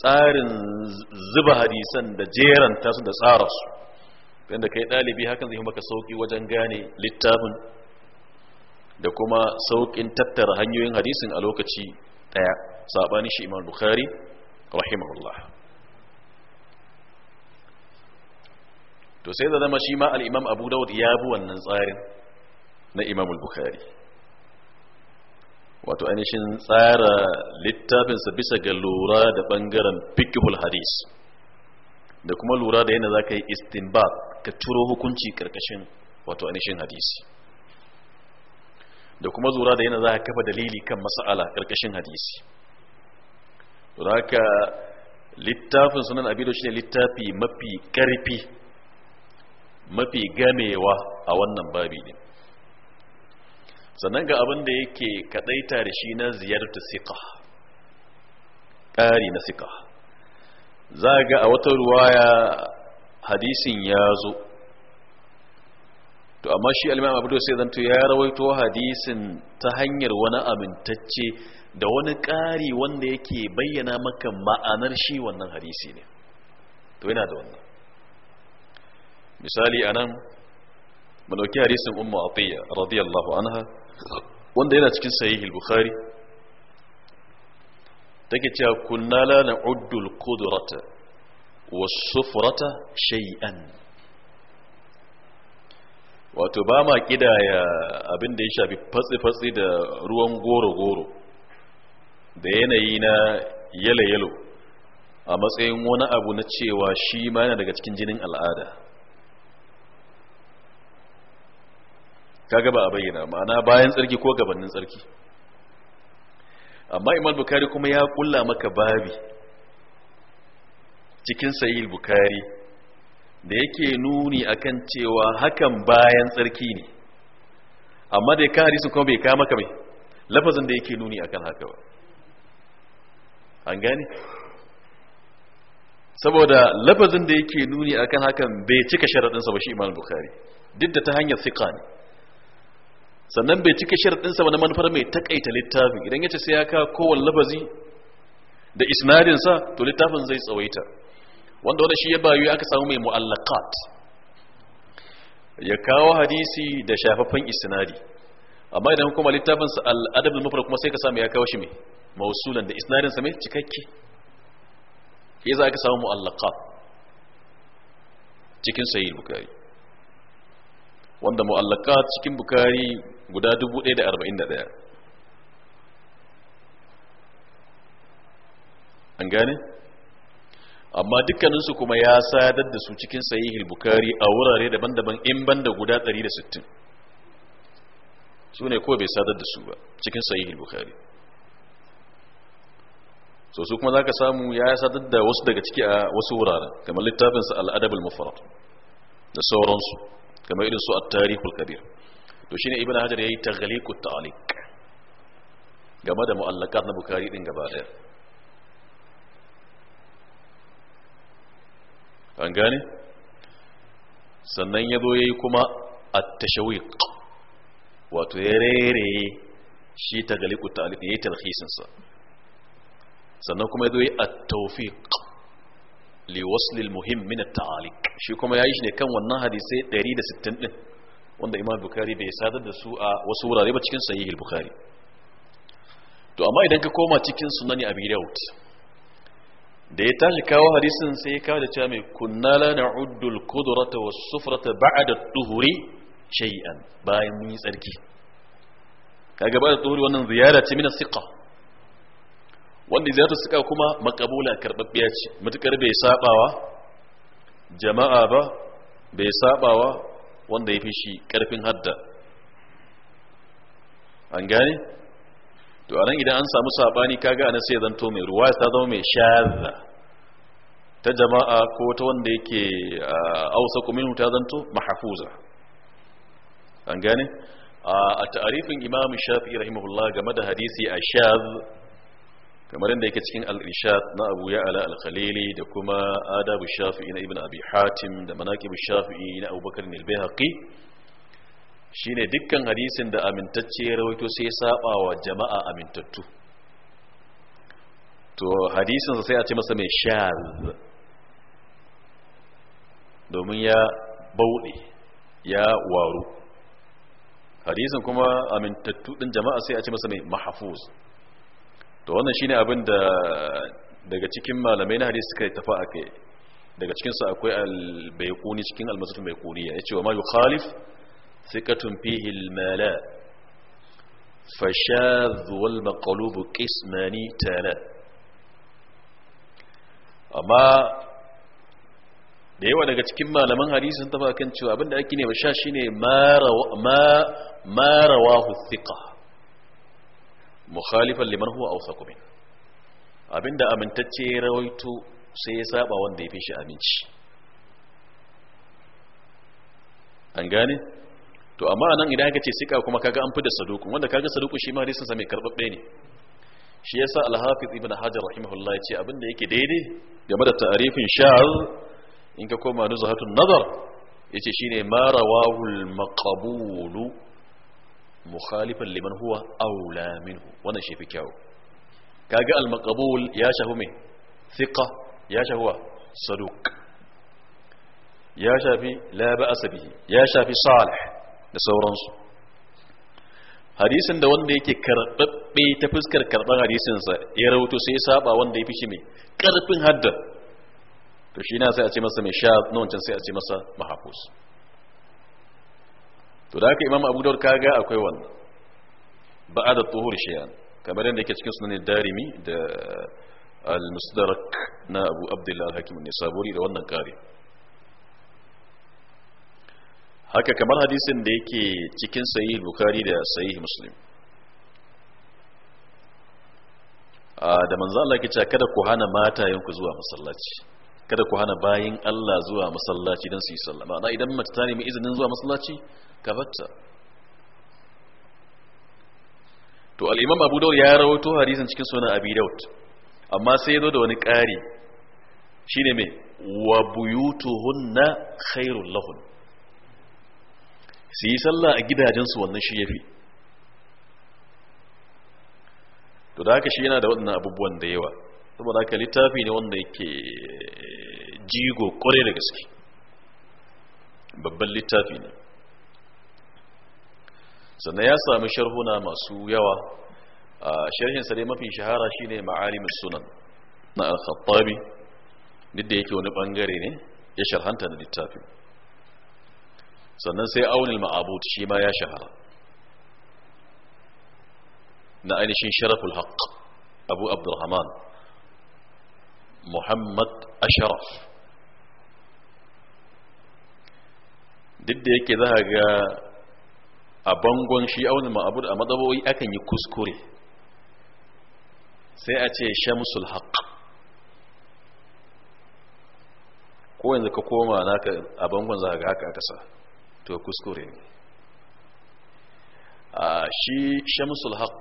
tsarin zuba hadisan da jeranta su da tsara su yadda kai dalibi hakan zai maka sauki wajen gane littafin da kuma sauƙin tattara hanyoyin hadisin a lokaci ɗaya saɓani shi imam bukhari rahimahullah to sai da zama shi ma al'imam abu dawud ya bi wannan tsarin na imam bukhari wato ainihin tsara littafinsa bisa ga lura da ɓangaren fikihul hadis da kuma lura da yana za ka yi istinbar ka turo hukunci ƙarƙashin wato ainihin hadisi da kuma zura da yana za a kafa dalili kan mas'ala ƙarƙashin hadisi Raka littafin sunan abido shine littafi mafi karfi mafi gamewa a wannan babi ne sannan ga abin da yake kaɗaita da shi na ziyarta siƙa ƙari na siƙa za ga a wata ruwaya hadisin ya zo to amma shi alimam abu sai zanto ya rawaito hadisin ta hanyar wani amintacce da wani ƙari wanda yake bayyana maka ma'anar shi wannan hadisi ne to yana da wannan misali anan malauki hadisin ummu atiyya radiyallahu anha wanda yana cikin sahihul bukhari take cewa kunna la na'uddu al-qudrata was-sufrata shay'an wato ba ma kidaya abin da ya shafi fatsi-fatsi da ruwan goro-goro da yanayi na yalo-yalo a matsayin wani abu na cewa shi ma yana daga cikin jinin al'ada kaga ba a bayyana ma'ana bayan tsarki ko gabanin tsarki amma imam bukari kuma ya kulla maka babi cikin sayil bukari da yake nuni akan cewa hakan bayan tsarki ne amma da ya ka hadisin kuma bai kama maka mai lafazin da yake nuni akan haka ba an gane saboda lafazin da yake nuni akan hakan bai cika sharaɗinsa ba shi imam bukhari duk da ta hanyar siƙa ne sannan bai cika sharaɗinsa ba na manufar mai takaita littafin idan ya ce sai ya ka kowane lafazi da isnadinsa to littafin zai tsawaita wanda wanda shi ya bayu aka samu mai mu'allaqat ya kawo hadisi da shafafan isnadi amma idan kuma littafin sa al-adab al-mufrad kuma sai ka samu ya kawo shi mai mausulan da isnadin sa mai cikakke ya za ka samu mu'allaqat cikin sahih bukhari wanda mu'allaqat cikin bukhari guda 1041 an gane amma dukkaninsu kuma ya sadar da su cikin sahihul bukari a wurare daban-daban in banda guda 160 su ne ko bai sadar da su ba cikin sahihul bukari so su kuma zaka samu ya sadar da wasu daga ciki a wasu wuraren kamar littafinsa al-adab mufrad da sauransu kamar irin su at-tarikhul kabir to shine ibnu hajar yayi taghliqut ta'liq game da mu'allaqat na bukari din gaba daya an gane sannan ya zo ya yi kuma a tashawiq wato ya rere shi ta galiku ta'alif ya talhisinsa sannan kuma ya zo ya yi a taufiq liwaslil muhimmin ta'alik shi kuma ya yi shi ne kan wannan hadisai 160 din wanda imam bukari bai sadar da su a wasu wurare ba cikin sahihul bukari to amma idan ka koma cikin sunani abi daud da ya tashi kawo hadisin sai ya kawo da cewa mai kunna la na'uddu al-qudrata was-sufrata ba'da at-tuhuri shay'an bayan mun yi tsarki kaga ba da tuhuri wannan ziyara ce min as-siqa wanda ta siqa kuma makabula karbabbiya ce mutukar bai sabawa jama'a ba bai sabawa wanda ya shi karfin hadda an gane to anan idan an samu sabani kaga anan sai zanto mai ruwa ta zama mai shadda ta jama'a ko ta wanda yake ausa ah, kuminu ta zanto mahfuza an gane ah, a ta'arifin imam shafi'i rahimahullah game da hadisi a shaz kamar yadda yake cikin al-irshad na abu ya'ala al-khalili da kuma adabu shafi'i na ibn abi hatim da manaqib shafi'i na abubakar al-bayhaqi shine dukkan hadisin da amintacce ya rawaito sai saba wa jama'a amintattu to hadisin sai a ce masa mai shaz domin ya bauɗe ya waru hadisin kuma amintattu ɗin jama'a sai a ce masa mai mahafuz to wannan shine abin da daga cikin malamai na hadisi suka tafa a kai daga cikinsu akwai albaikuni cikin almasatun baiquni ya ce wa ma yukhalif thiqatun fihi almala fashadh wal maqlub qismani tala amma da yawa daga cikin malaman hadisi sun taba kan cewa abinda ake ne sha shine ma rawahu thiqa mukhalifan liman huwa awsaqu min abinda amintacce ya rawaito sai ya saba wanda ya fi shi aminci an gane to amma nan idan aka ce sika kuma kaga an fi da saduku wanda kaga saduku shi ma hadisin sa mai karbabbe ne shi yasa al-hafiz ibn hajar rahimahullah yace ce abinda yake daidai game da ta'arifin sha'r in ka koma nuzhatun nazar yace shine ma rawahul maqbulu mukhalifan liman huwa aula minhu wannan shi fi kyau kaga al maqbul ya shahu me thiqa ya shahuwa saduq ya shafi la ba'sa bihi ya shafi salih da sauransu hadisin da wanda yake karɓaɓɓe ta fuskar karɓar hadisinsa ya rahoto sai saba wanda ya fi shi mai ƙarfin haddar to shi na sai a ce masa mai sha na wancan sai a ce masa mahafuz to da haka imam abu daur kaga akwai wannan ba'a da tuhur shiyan kamar yadda yake cikin sunan darimi da al-musdarak na abu abdullahi al-hakim ne saburi da wannan kare haka kamar hadisin da yake cikin sahih bukhari da sahih muslim da manzo Allah yake cewa kada ku hana matayenku zuwa masallaci kada ku hana bayin Allah zuwa masallaci don su yi sallah ma'ana idan mace ta nemi izinin zuwa masallaci ka batta to al-imam Abu Dawud ya rawato hadisin cikin sunan Abi Dawud amma sai ya zo da wani ƙari shine me wa buyutuhunna khairul lahun su yi sallah a gidajensu wannan shi yafi to da haka shi yana da waɗannan abubuwan da yawa saboda haka littafi ne wanda yake jigo kwarai da gaske babban littafi ne sannan ya sami sharhuna masu yawa a sharhinsa dai mafi shahara shine ma'alimin sunan na al-khattabi duk da yake wani bangare ne ya sharhanta da littafi sannan sai aunin ma'abud shi ma ya shahara na ainihin sharaful haqq abu abdurrahman muhammad ashraf duk da yake za ga a bangon shi auna ma'abud a madabowi akan yi kuskure sai a ce shamsul haq ko yanzu ka koma naka a bangon za ga haka akasa to kuskure ne a shi shamsul haq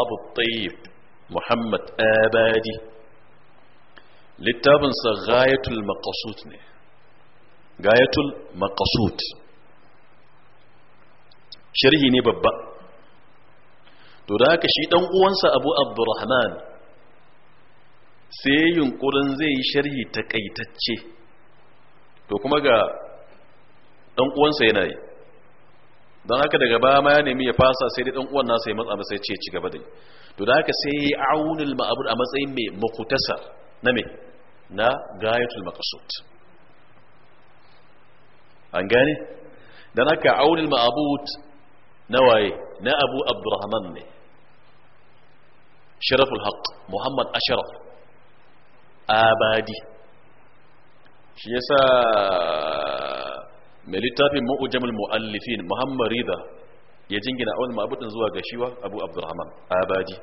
abu tayyib muhammad abadi littafinsa gayatul maqasud ne gayatul maqasud sharhi ne babba to da haka shi dan uwansa abu abdurrahman sai yunkurin zai yi sharhi takaitacce to kuma ga dan uwansa yana yi don haka daga ba ma ya nemi ya fasa sai dai dan uwan nasa ya matsa masa ce ci gaba da yi to da haka sai ya yi a matsayin mai mukutasa na me na gayatul maqsud an gane dan haka aunil ma'bud na waye na abu abdurrahman ne sharaful haq muhammad ashraf abadi shi yasa mai littafin mu'ujamul mu'allifin muhammad rida ya jingina aunil ma'budin zuwa ga shiwa abu abdurrahman abadi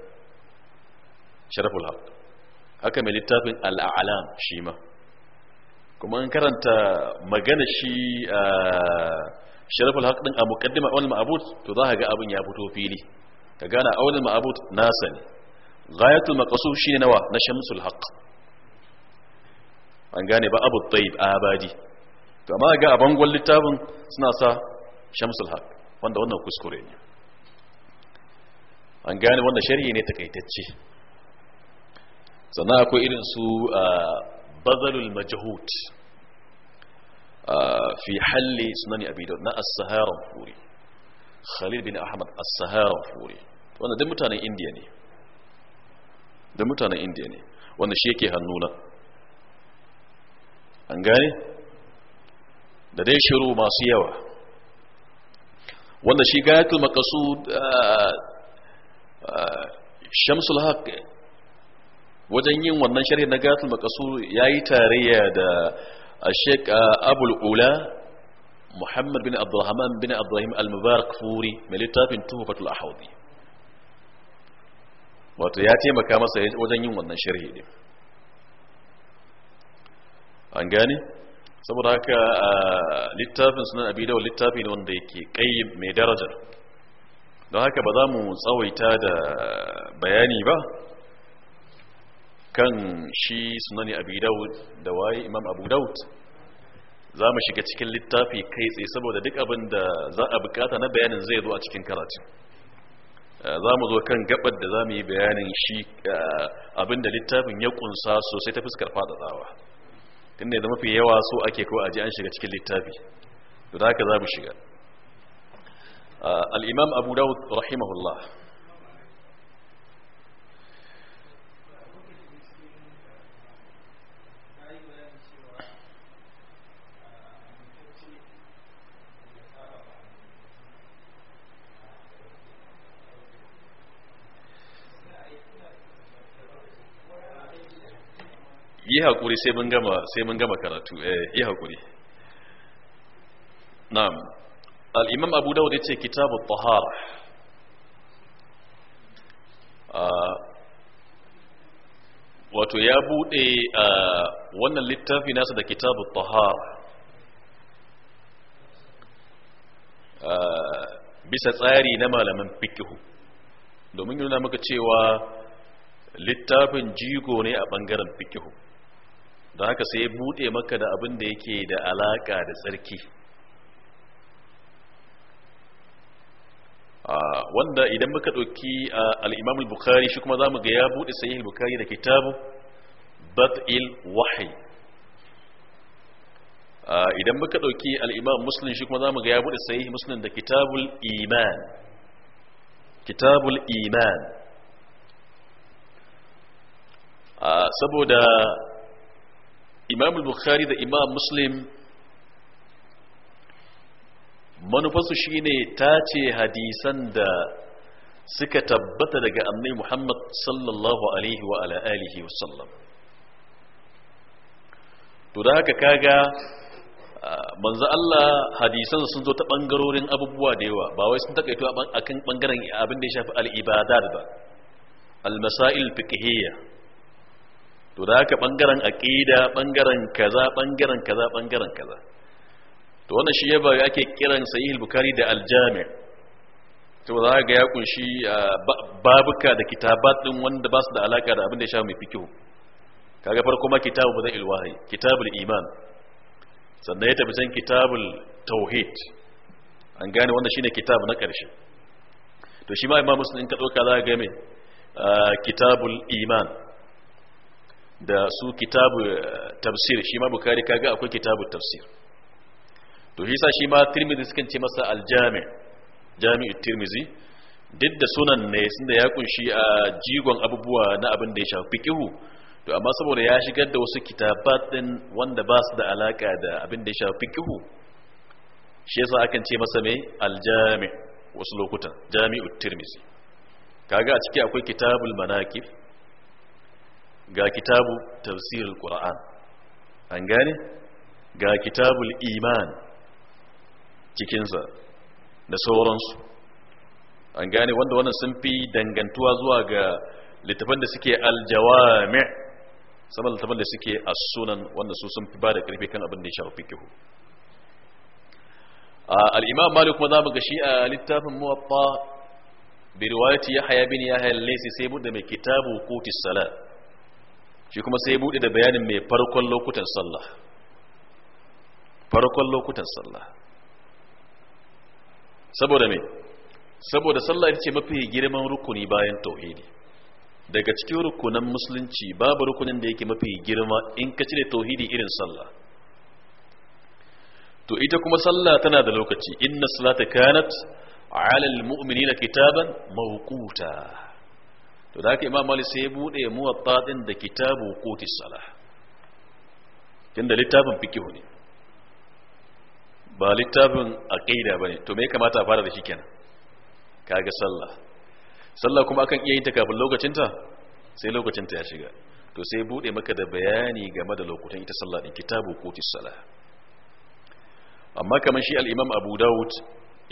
sharaful haq haka mai littafin al'alam shi ma kuma an karanta magana shi a sharafin haƙin a muƙaddima awal ma'abut to za ka ga abin ya fito fili ka gana awal ma'abut nasa ne ghayatul shi ne nawa na shamsul haƙ an gane ba abu tayyib abadi to amma ga a bangon littafin suna sa shamsul haƙ wanda wannan kuskure ne an gane wannan shari'i ne takaitacce sannan akwai irin su bazalul majahut fi halli sunani abidar na as-saharan furi khalil bin ahmad as-saharan furi wanda duk mutanen indiya ne da mutanen indiya ne wanda shi yake hannuna an gane da dai shiru masu yawa wanda shi gayatul makasud shamsul haq wajen yin wannan sharhi na gatul maqasur yayi tarayya da Sheikh Abul Ula Muhammad bin Abdulrahman bin Abdulrahim Al-Mubarak Furi mai littafin Tuhfatul Ahwadi wato ya taimaka masa wajen yin wannan sharhi ne an gane saboda haka littafin sunan abi dawud littafi ne wanda yake kai mai darajar don haka ba za mu tsawaita da bayani ba kan shi sunani abu daud da waye imam abu daud za mu shiga cikin littafi kai tsaye saboda duk abin da za a bukata na bayanin zai zo a cikin karatu. Eh, za mu zo kan gabar da za mu yi bayanin shi eh, abin da littafin ya kunsa sosai ta fuskar faɗaɗawa tun da mafi yawa so ake ko a ji an shiga cikin littafi da haka za mu shiga eh, al'imam abu daud rahimahullah yi haƙuri sai mun gama sai mun gama karatu eh yi haƙuri na'am al-imam abu dawud yace kitabut tahara ah, wato ya bude ah, wannan littafi nasa da kitabut tahara ah, bisa tsari na malaman fikihu domin yana maka cewa littafin jigo ne a bangaren fikihu da haka sai ya buɗe maka da abin da yake da alaƙa da tsarki ah, wanda idan muka ɗauki ah, al'imam al-bukhari shi kuma za mu ga ya buɗe sayi al-bukhari da kitabu bat'il wahi ah, idan muka ɗauki al'imam muslim shi kuma za mu ga ya buɗe sayi muslim da kitabul iman kitabul iman saboda imam bukhari da imam muslim manufarsu shine tace hadisan da suka tabbata daga annai muhammad sallallahu alaihi wa ala wasallam to da haka kaga manzo Allah hadisan sun zo ta bangarorin abubuwa da yawa ba wai sun takaito akan bangaren abin da ya shafi al-ibadat ba al-masail to da haka bangaren aqida bangaren kaza bangaren kaza bangaren kaza to wannan shi ya bayu ake kiran sahih al-bukhari da al-jami' to za ga ya kunshi babuka da kitabat din wanda ba su da alaka da abin da ya sha mai fikihu kaga farko ma kitabu bazai ilwahi kitabul iman sannan ya tafi san kitabul tauhid an gane wannan shine kitabu na karshe to shi ma imam muslim in ka dauka za ga mai kitabul iman da su kitabu eh, tafsir shi ma bukari kaga akwai kitabu tafsir to shi sa shi ma tirmizi sukan ce masa aljami jami'u tirmizi duk da sunan ne sun da ya kunshi a jigon abubuwa na abin da ya shafi kihu. to amma saboda ya shigar da wasu kitabatin wanda ba su da alaka da abin da ya shafi kihu. shi yasa akan ce masa mai aljami wasu lokutan jami'u tirmizi kaga a ciki akwai kitabul manaqib ga kitabu tafsirul qur'an an gane ga kitabul iman cikinsa da sauransu an gane wanda wannan sun fi dangantuwa zuwa ga littafan da suke aljawami sama littafan da suke as-sunan wanda su sun fi ba da karfi kan abin da ya shafi fikihu al-imam malik kuma zamu ga shi a littafin muwatta bi riwayati yahya bin yahya al-laysi sai bude mai kitabu qutis salat shi kuma sai bude da bayanin mai farkon lokutan sallah farkon lokutan sallah saboda me saboda sallah ita ce mafi girman rukuni bayan tauhidi daga cikin rukunan musulunci babu rukunin da yake mafi girma in ka cire tauhidi irin sallah to ita kuma sallah tana da lokaci inna salata kanat ala almu'minina kitaban mawquta to da haka imam malik sai ya bude muwatta din da kitabu qutis salah tunda littafin fiqh ne ba littafin aqida bane to me kamata a fara da shi kenan kaga sallah sallah kuma akan iya yin ta kafin lokacin ta sai lokacin ta ya shiga to sai bude maka da bayani game da lokutan ita sallah din kitabu qutis salah amma kamar shi al-imam abu daud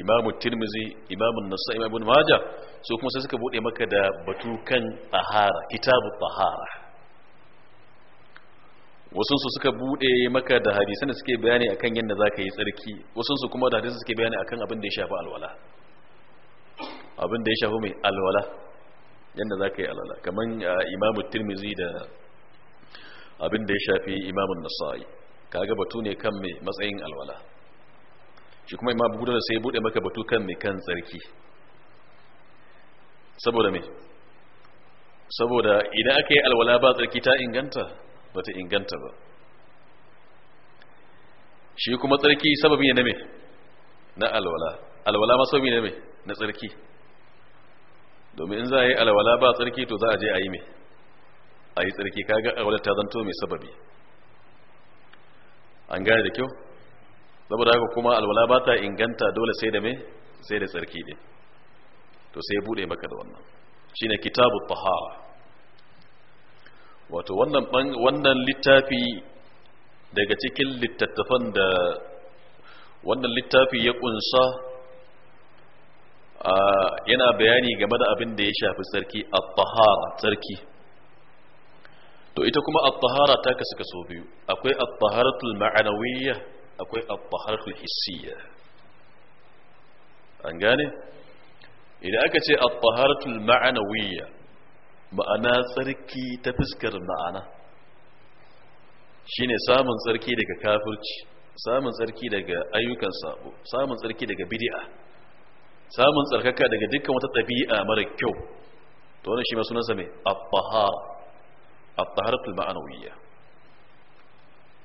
imamu tirmizi imamu nasa imamu maja su kuma sai suka bude maka da batu kan tahara kitabu tahara wasunsu suka bude maka da hadisan da suke bayani akan yadda za ka yi tsarki wasunsu kuma da hadisan suke bayani akan abin da ya shafi alwala abin da ya shafi mai alwala yadda za ka yi alwala kamar imamu tirmizi da abin da ya shafi imamun nasa'i kaga batu ne kan mai matsayin alwala shi kuma imam buda sai ya bude maka batu kan mai kan tsarki saboda me saboda idan aka yi alwala ba tsarki ta inganta ba ta inganta ba shi kuma tsarki sababi ne na me na alwala alwala ma sababi ne me na tsarki domin in za a yi alwala ba tsarki to za a je a yi me a yi tsarki kaga alwala ta zanto mai sababi an gane da kyau saboda haka kuma alwala ba ta inganta dole sai da me sai da tsarki ne to sai bude maka da wannan shine kitabu tahara wato wannan wannan littafi daga cikin littattafan da wannan littafi ya kunsa yana bayani game da abin da ya shafi tsarki at-tahara tsarki to ita kuma at-tahara ta kasu kaso biyu akwai at-taharatul ma'anawiyya akwai at-taharatul an gane idan aka ce at-taharatul ma'anawiyya ma'ana tsarki ta fuskar ma'ana shine samun tsarki daga kafirci samun tsarki daga ayyukan sabo samun tsarki daga bid'a samun tsarkaka daga dukkan wata ɗabi'a mara kyau to wannan shi ma sunansa ne at-tahara at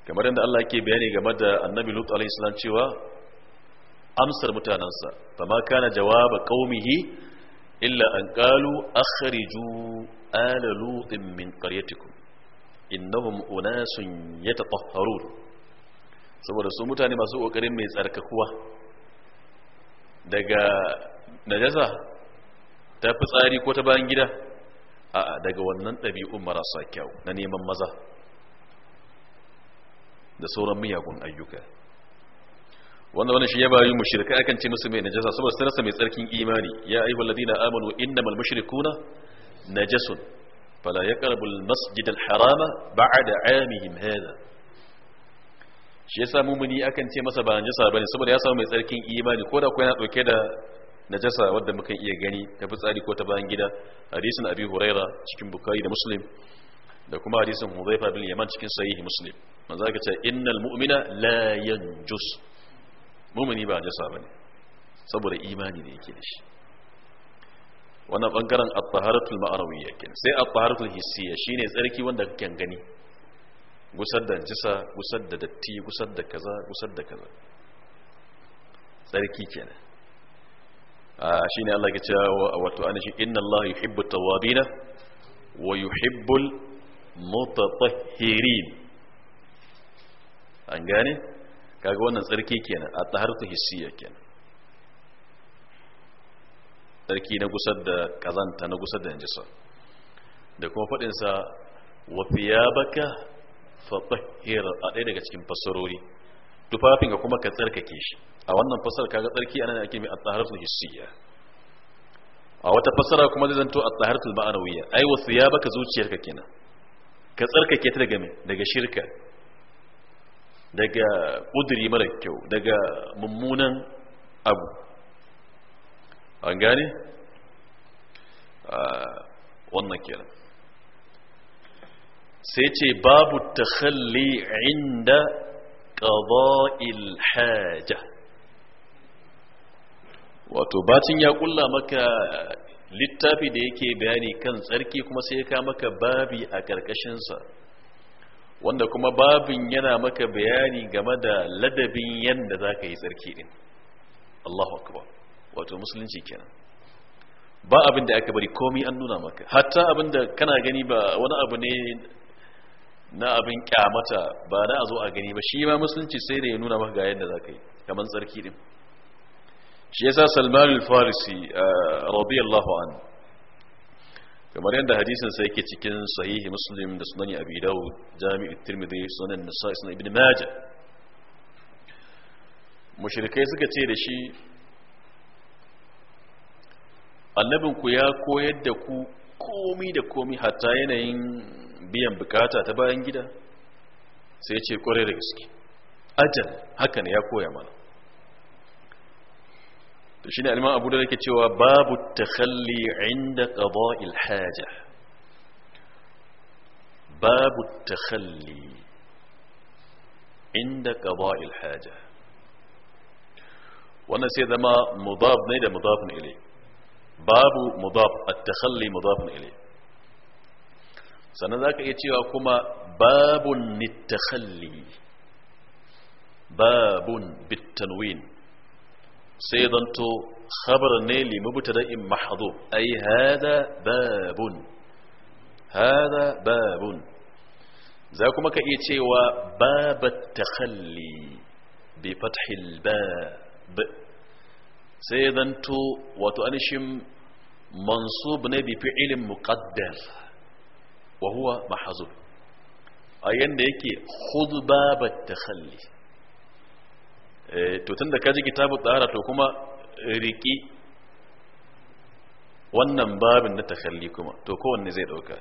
kamar yadda Allah yake bayani game da annabi lut alayhi salam cewa amsar mutanansa ma kana jawaba qaumihi illa an qalu akhriju ala lut min qaryatikum innahum unasun yatatahharun saboda su mutane masu kokarin mai tsarkakuwa daga najasa ta fitsari ko ta bayan gida a daga wannan ɗabi'un marasa kyau na neman maza da sauran miyagun ayyuka wanda wannan shi ya bayu mushrikai akan ce musu mai najasa saboda sun rasa mai tsarkin imani ya ayyuhal na amanu innamal mushrikuna najasun fala yaqrabu al masjid al harama ba'da 'amihim hadha shi yasa mumuni akan ce masa ba najasa bane saboda ya samu mai tsarkin imani ko da ko yana dauke da najasa wadda muka iya gani ta fitsari ko ta bayan gida hadisin abi huraira cikin bukari da muslim da kuma hadisin huzaifa bin yaman cikin sahihi muslim manzo ka ce innal mu'mina la yanjus mu'mini ba jasa bane saboda imani ne yake da shi wannan bangaren at-taharatul ma'rawiyya kin sai at-taharatul hissiyya shine tsarki wanda kake gani gusar da jisa gusar da datti gusar da kaza gusar da kaza tsarki kenan shine Allah ya ce wato an shi inna Allah yuhibbu tawabina wa mutatahhirin an gane kaga wannan tsarki kenan a tahartu hissiya kenan tsarki na gusar da kazanta na gusar da najisa da kuma faɗinsa wa thiyabaka fatahhir a ɗaya daga cikin fasarori tufafinka kuma ka tsarkake shi a wannan fasar kaga tsarki anan ake mai at-taharatu hissiyya a wata fasara kuma zai zanto at-taharatu al-ma'nawiyya ai wa thiyabaka zuciyarka kenan ka tsarkake ta daga daga shirka daga ƙuduri mara kyau daga mummunan abu an gane ah, wannan kenan sai ce babu takhalli inda qada'il haja wato bacin ya kulla maka littafi da yake bayani kan tsarki kuma sai ya maka babi a ƙarƙashinsa wanda kuma babin yana maka bayani game da ladabin yadda za ka yi tsarki din Allahu akbar wato musulunci kenan ba abin da aka bari komai an nuna maka hatta abin da kana gani ba wani abu ne na abin kyamata ba na a zo a gani ba shi ma musulunci sai da ya nuna maka ga yadda za ka yi kamar tsarki din shi yasa salman al-farisi uh, radiyallahu an kamar yadda hadisin sai yake cikin sahihi muslim da sunan abi dawud jami'u tirmidhi sunan nasa'i sunan ibn majah mushrikai suka ce da shi annabin ku ya koyar da ku komi da komi hatta yanayin biyan bukata ta bayan gida sai ya ce kwarai da gaske ajal haka ne ya koya mana shi ne alman abu da yake cewa babu takhalli inda qada'il haja babu takhalli inda qada'il haja wannan sai zama mudaf ne da mudafun ilay babu mudaf at-takhalli mudafun ilay sannan zaka iya cewa kuma babun nit takhalli babun bit tanwin تو خبر نيلي مبتدئ محضو أي هذا باب هذا باب زاكم كأيتي باب التخلي بفتح الباب سيدنتو وتؤنشم منصوب نبي بفعل مقدر وهو محظوظ أي أنك خذ باب التخلي to tunda ka ji kitabu tsara to kuma riki wannan babin na takalli kuma to kowanne zai dauka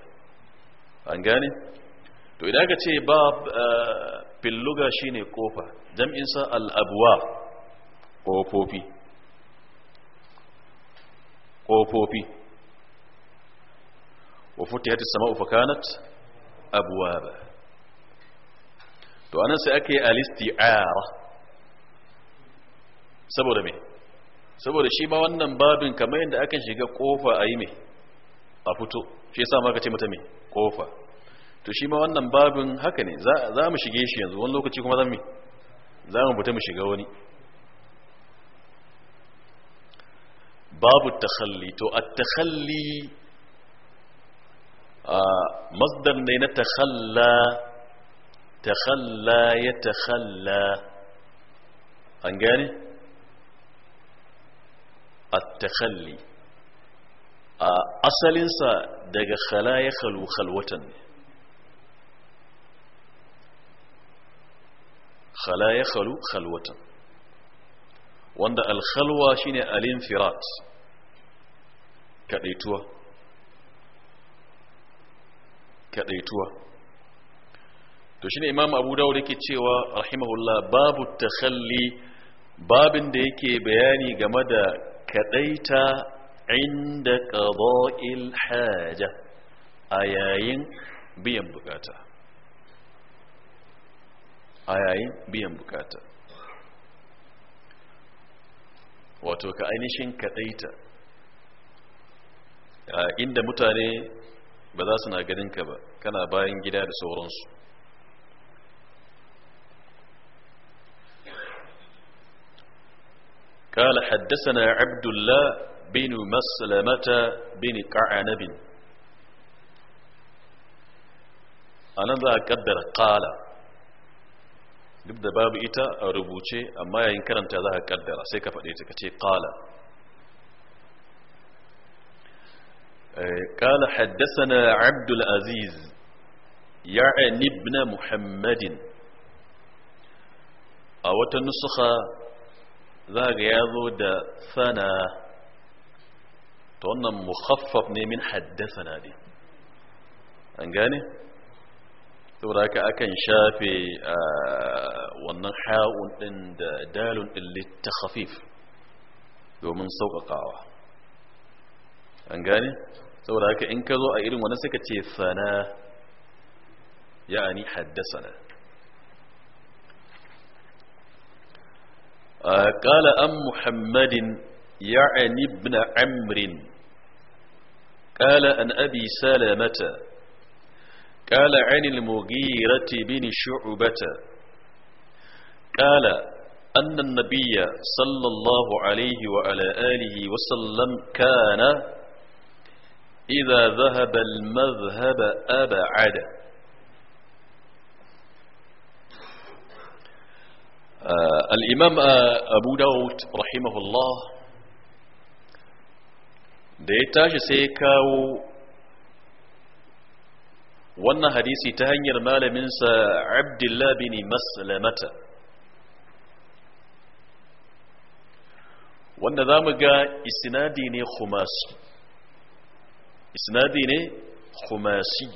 an gane to idan ka ce bab filluga shine kofa jam'in sa al-abwa kofofi kofofi wa futiyat as-sama'u fa kanat abwaba to anan sai ake alisti'ara saboda me saboda shi ma wannan babin kamar yadda aka shiga kofa a yi me a fito shi yasa maka ce mata me kofa to shi ma wannan babin haka ne za mu shige shi yanzu wani lokaci kuma zan me za mu fita mu shiga wani babu takhalli to at-takhalli masdar ne na takhalla takhalla ya takhalla an gane at a asalinsa daga khala ya khalu khalwatan ne ya khalu khalwatan wanda shine to shine imam abu dawud yake cewa rahimahullah babu takhalli babin da yake bayani game da kadaita inda qada'il haja a yayin biyan bukata a biyan bukata wato ka ainihin kadaita inda mutane ba za su na ganin ka ba kana bayan gida da sauransu قال حدثنا عبد الله بن مسلمة بن كعنب أنا ذا قدر قال نبدأ باب إتا ربوشي أما ينكرن تذا قدر سيكا فديتا قال قال حدثنا عبد العزيز يعني ابن محمد أو تنسخة ذاك يضو دفنا تونا مخفف ني من حدثنا دي انجاني تبراك اكن شافي آه ونن حاون عند دال اللي التخفيف ومن سوق قاوة انجاني تبراك انكذو ايرين ونسك تيفنا يعني حدثنا آه، قال أم محمد يعني ابن عمرو قال عن أبي سلامة قال عن المغيرة بن شعبة قال أن النبي صلى الله عليه وعلى آله وسلم كان إذا ذهب المذهب أبعد الإمام أبو داود رحمه الله da ya tashi sai ya kawo wannan hadisi ta hanyar malaminsa abdullahi bin maslamata wanda za mu ga isnadi ne khumasi isnadi ne khumasi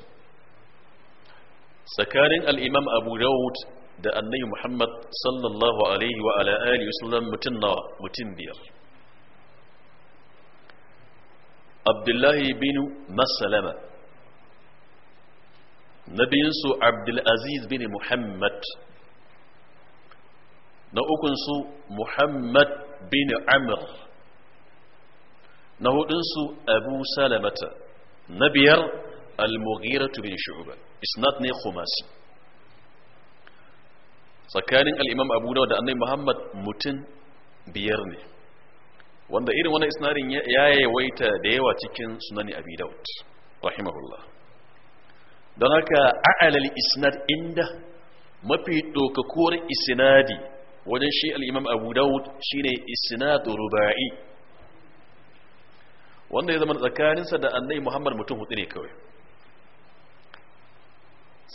tsakanin al'imam abu daud da annabi muhammad sallallahu alaihi wa ala alihi wasallam mutum nawa mutum biyar abdullahi bin masalama nabiyinsu abdulaziz bin muhammad na su muhammad bin Amr na hudunsu abu salamata na biyar al-mughiratu bin shu'ba isnad ne khumasi tsakanin al'imam abu da annai muhammad mutum biyar ne wanda irin wani isnarin ya yawaita da yawa cikin sunani abi daud rahimahullah don haka a'alal isnad inda mafi dokakuwar isnadi wajen shi al'imam abu daud ne isnad ruba'i wanda ya zama tsakaninsa da annai muhammad mutum hudu ne kawai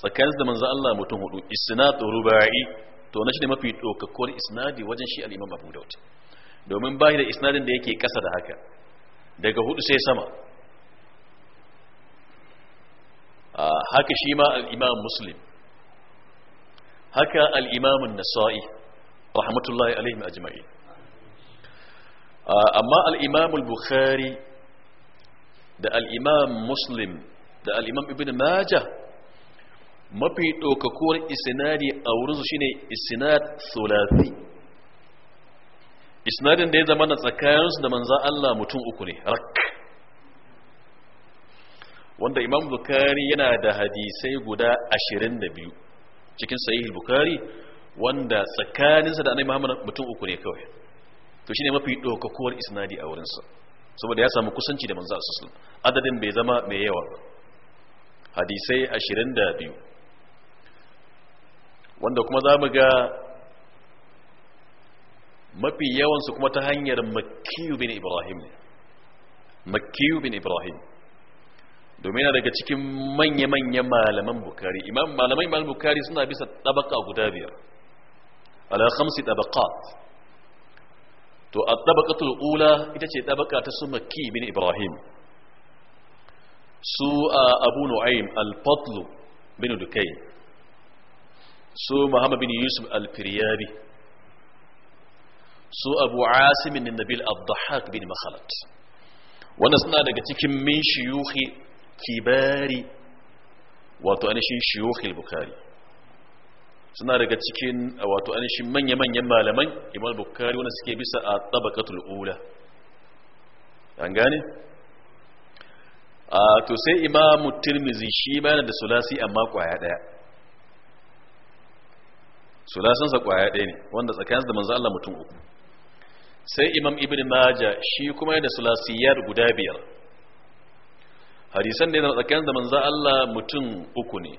tsakanin da manzo Allah mutum hudu isnad rubai to na shi ne mafi dokakkuwar isnadi wajen shi al-Imam Abu Dawud domin bai da isnadin da yake kasa da haka daga hudu sai sama haka shi ma al-Imam Muslim haka al-Imam An-Nasa'i rahmatullahi alaihim ajma'in amma al-Imam bukhari da al-Imam Muslim da al-Imam Ibn Majah mafi ɗaukakuwar isinadi a wurinsu shine isinad sulafi Isinadin da ya zama na tsakaninsu da manza Allah mutum uku ne rak wanda imam bukari yana da hadisai guda ashirin da biyu cikin sahih bukari wanda tsakaninsa da annabi muhammad mutum uku ne kawai to shine mafi ɗaukakuwar isnadi a wurin su. saboda ya samu kusanci da manzo sallallahu alaihi wasallam adadin bai zama mai yawa ba hadisai ashirin da biyu wanda kuma za mu ga mafi yawansu kuma ta hanyar makiyu bin ibrahim ne makiyu bin ibrahim domin yana daga cikin manya-manya malaman bukari imam malaman imam bukari suna bisa tabaka guda biyar ala khamsi tabaqat to a tabaqatul ula ita ce tabaka ta su makki bin ibrahim su a abu nu'aym al-fadl bin dukayn su muhammad bin yusuf al-firyabi su abu asim bin nabil abdahak bin makhalat Wannan suna daga cikin min shiyuhi kibari wato anishin shiyuhi bukari suna daga cikin wato anishin manya-manyan malaman imam bukari wanda suke bisa a tabakatul ula an gane? a to sai imamu tirmizi shi ma yana da sulasi amma kwaya daya sulasansa kwaya ɗaya ne wanda tsakaninsa da manzo Allah mutum uku sai imam ibn majah shi kuma yana sulasiyar guda biyar hadisan da yana tsakaninsa da manzo Allah mutum uku ne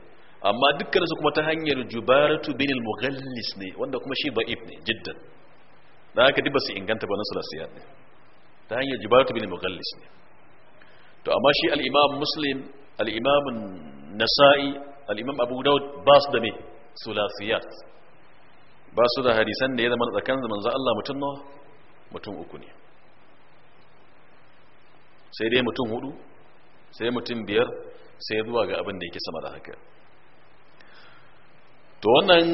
amma dukkaninsu kuma ta hanyar jubaratu bin al-mughallis ne wanda kuma shi da'if ne jiddan da haka duk ba su inganta ba na sulasiyar ne ta hanyar jubaratu bin al-mughallis ne to amma shi al-imam muslim al-imam nasa'i al-imam abu daud ba su da ne sulasiyat ba su da hadisan da ya zama tsakanin manzo Allah mutum nawa mutum uku ne sai dai mutum hudu sai mutum biyar sai zuwa ga abin da yake sama da haka to wannan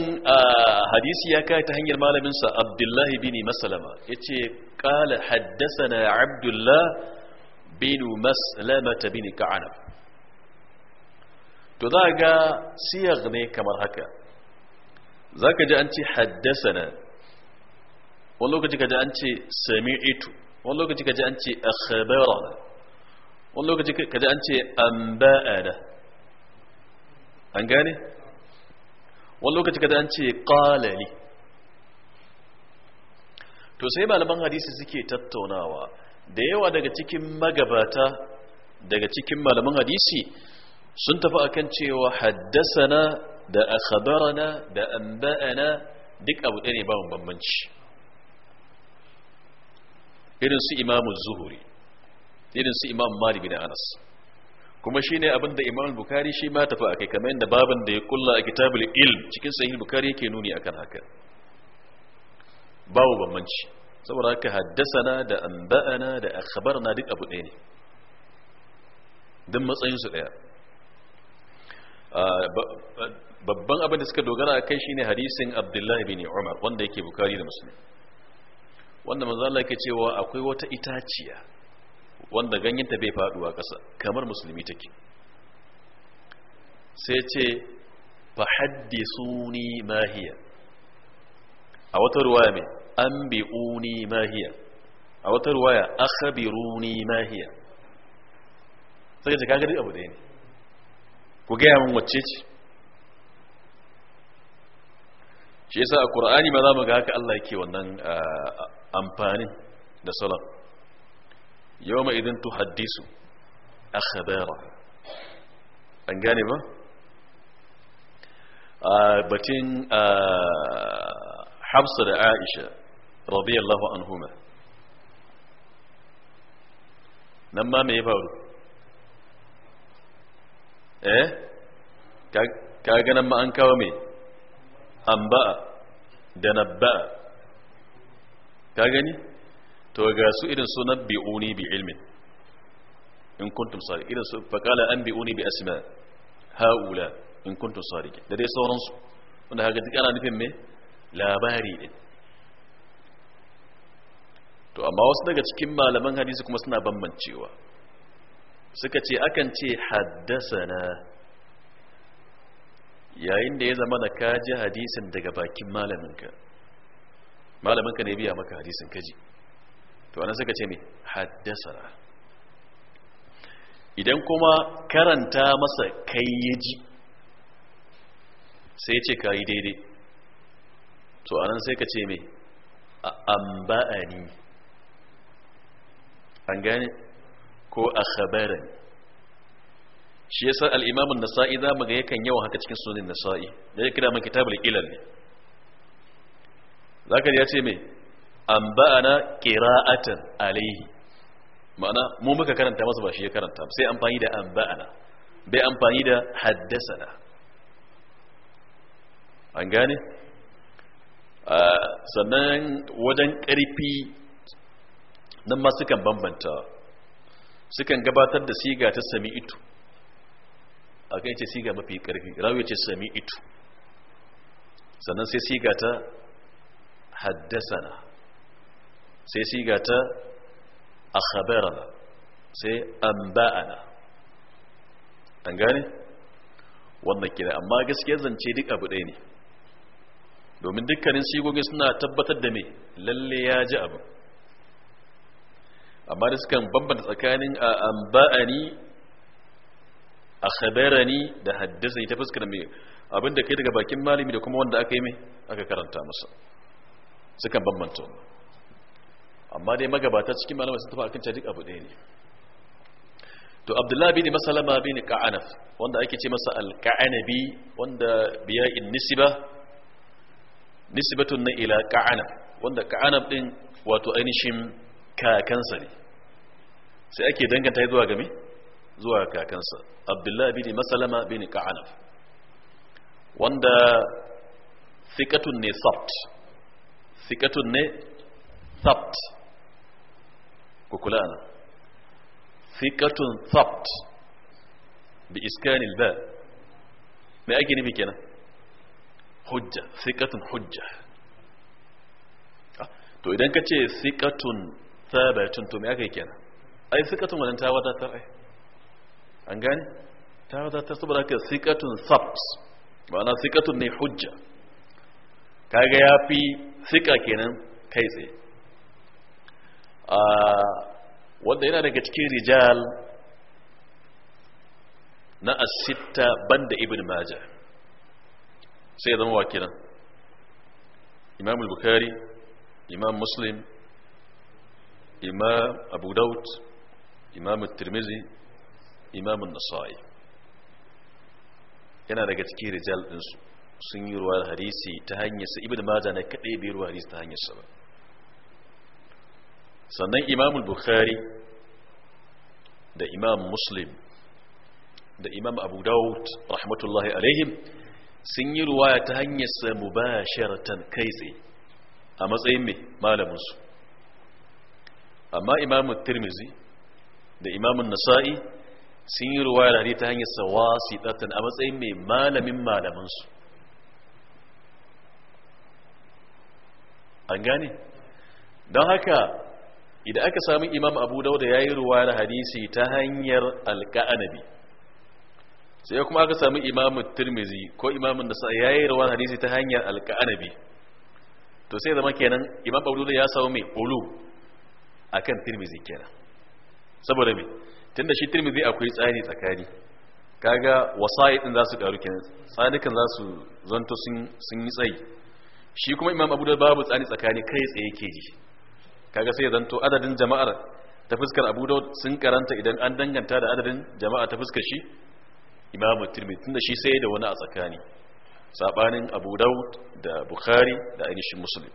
hadisi ya kai ta hanyar malaminsa abdullahi bin masalama ya ce ƙala haddasa na abdullah bin masalamata bin ka'anab to za ga siyar ne kamar haka za ka ji an ce haddasana wani lokaci ka ji an ce sami'itu wani lokaci ka ji an ce akhbarana wani lokaci ka ji an ce amba'ana an gane wani lokaci ka ji an ce qalali to sai malaman hadisi suke tattaunawa da yawa daga cikin magabata daga cikin malaman hadisi sun tafi akan cewa haddasana da akhbarana da anba'ana duk abu ɗaya ne ba mu bambanci irin su imamu zuhuri irin su imam malik bin anas kuma shine abin da imam bukari shi ma tafi akai kamar yadda babin da ya kulla a kitabul ilm cikin sahih bukari yake nuni akan haka babu bambanci saboda haka haddasana da anba'ana da akhbarna duk abu ɗaya ne duk matsayin su ɗaya babban abin da suka dogara a kai shine hadisin abdullahi bin umar wanda yake bukari da musulmi wanda manzo Allah yake cewa akwai wata itaciya wanda ganyenta bai faduwa ƙasa kamar musulmi take sai ce fa haddisuni ma hiya a wata ruwaya mai anbi'uni ma hiya a wata ruwaya akhbiruni ma hiya sai ka kaga abu da ne ku ga mun wacce ce shi yasa a qur'ani ma za mu ga haka Allah yake wannan amfani da salat yawma idan a akhbara an gane ba a batin Hafsa da Aisha radiyallahu anhuma nan ma mai faru eh ka ga nan ma an kawo mai amba'a da nabba'a ka gani to ga su irin su uni bi ilmin in kuntum sari irin su faqala an bi bi asma haula in kuntum sari da dai sauransu wanda haka duk ana nufin me labari din to amma wasu daga cikin malaman hadisi kuma suna bambancewa suka ce akan ce haddasa na yayin da ya zama da kaji hadisin daga bakin malaminka malaminka ne biya maka hadisin kaji to ana suka ce ne haddasara idan kuma karanta masa kai ya ji sai ce ka yi daidai to anan sai ka ce mai a amba'ani an gane ko a khabarin shi yasa al-imam an-nasa'i za mu ga yakan yawan haka cikin sunan nasa'i da ya kira man kitabul ilal ne zaka ya ce me an ba'ana qira'atan alayhi ma'ana mu muka karanta masa ba shi ya karanta sai amfani da an ba'ana bai amfani da haddasana an gane sannan wajen ƙarfi nan ma sukan bambanta sukan gabatar da siga ta sami'itu a kai ce siga mafi karfi rawi ce sami itu sannan sai siga ta haddasana sai siga ta akhabarana sai amba'ana an gane wannan kira amma gaskiyar zance duk abu ɗaya ne domin dukkanin sigogi suna tabbatar da me lalle ya ji abu amma da sukan bambanta tsakanin a amba'ani akhbarani da haddasa ta fuskar mai abinda kai daga bakin malami da kuma wanda aka yi mai aka karanta masa sukan bambanta amma dai magabata cikin malamai sun tafi akan cewa duk abu ɗaya ne to abdullahi bin masalama bin ka'anaf wanda ake ce masa al-ka'anabi wanda biya in nisiba nisbatun na ila ka'anaf wanda ka'anaf din wato ainihin kakansa ne sai ake danganta zuwa gami. zuwa kakansa abdullahi bin masalama bin ka'anaf wanda sikatun ne sabt sikatun ne sabt kukula kula ana sikatun sabt bi iskanil ba me ake nufi kenan hujja sikatun hujja ah, to idan ka ce sikatun sabatun to me aka yi kenan ai sikatun wannan ta wadatar ai an gane ta ta saboda ka sikatun sabt ma'ana sikatun ne hujja kaga ya fi sika kenan kai tsaye wanda yana daga cikin rijal na asitta banda ibn majah sai ya zama wa imam bukhari imam muslim imam abu daud imam tirmizi imamun nasa'i yana daga cikin rijal ɗinsu sun yi ruwa harisi ta hanyarsa ibn maja ne kaɗai bai ruwa harisi ta hanyarsa ba sannan imamul bukhari da imam muslim da imam abu daud rahmatullahi alaihim sun yi ruwaya ta hanyarsa mubasharatan kai tsaye a matsayin mai malaminsu amma imamun tirmizi da imamun nasa'i sun yi ruwaya ne ta hanyar sawa ɗartan a matsayin mai malamin malamansu an gane don haka idan aka sami imam abu dauda ya yi ruwa da hadisi ta hanyar alka'anabi sai kuma aka sami imam turmizi ko imamun da ya yi ruwaya hadisi ta hanyar alka'anabi to sai zama kenan imam abu dauda ya sami mai ulu akan turmizi kenan saboda mai tunda shi tirmidhi akwai tsari tsakani kaga wasa'i din zasu karu kenan tsanikan zasu zanto sun sun yi tsayi shi kuma imam abu da babu tsani tsakani kai tsaye ke ji kaga sai zanto adadin jama'ar ta fuskar abu da sun karanta idan an danganta da adadin jama'a ta fuskar shi imam tirmidhi tunda shi sai da wani a tsakani sabanin abu daud da bukhari da ainihin muslim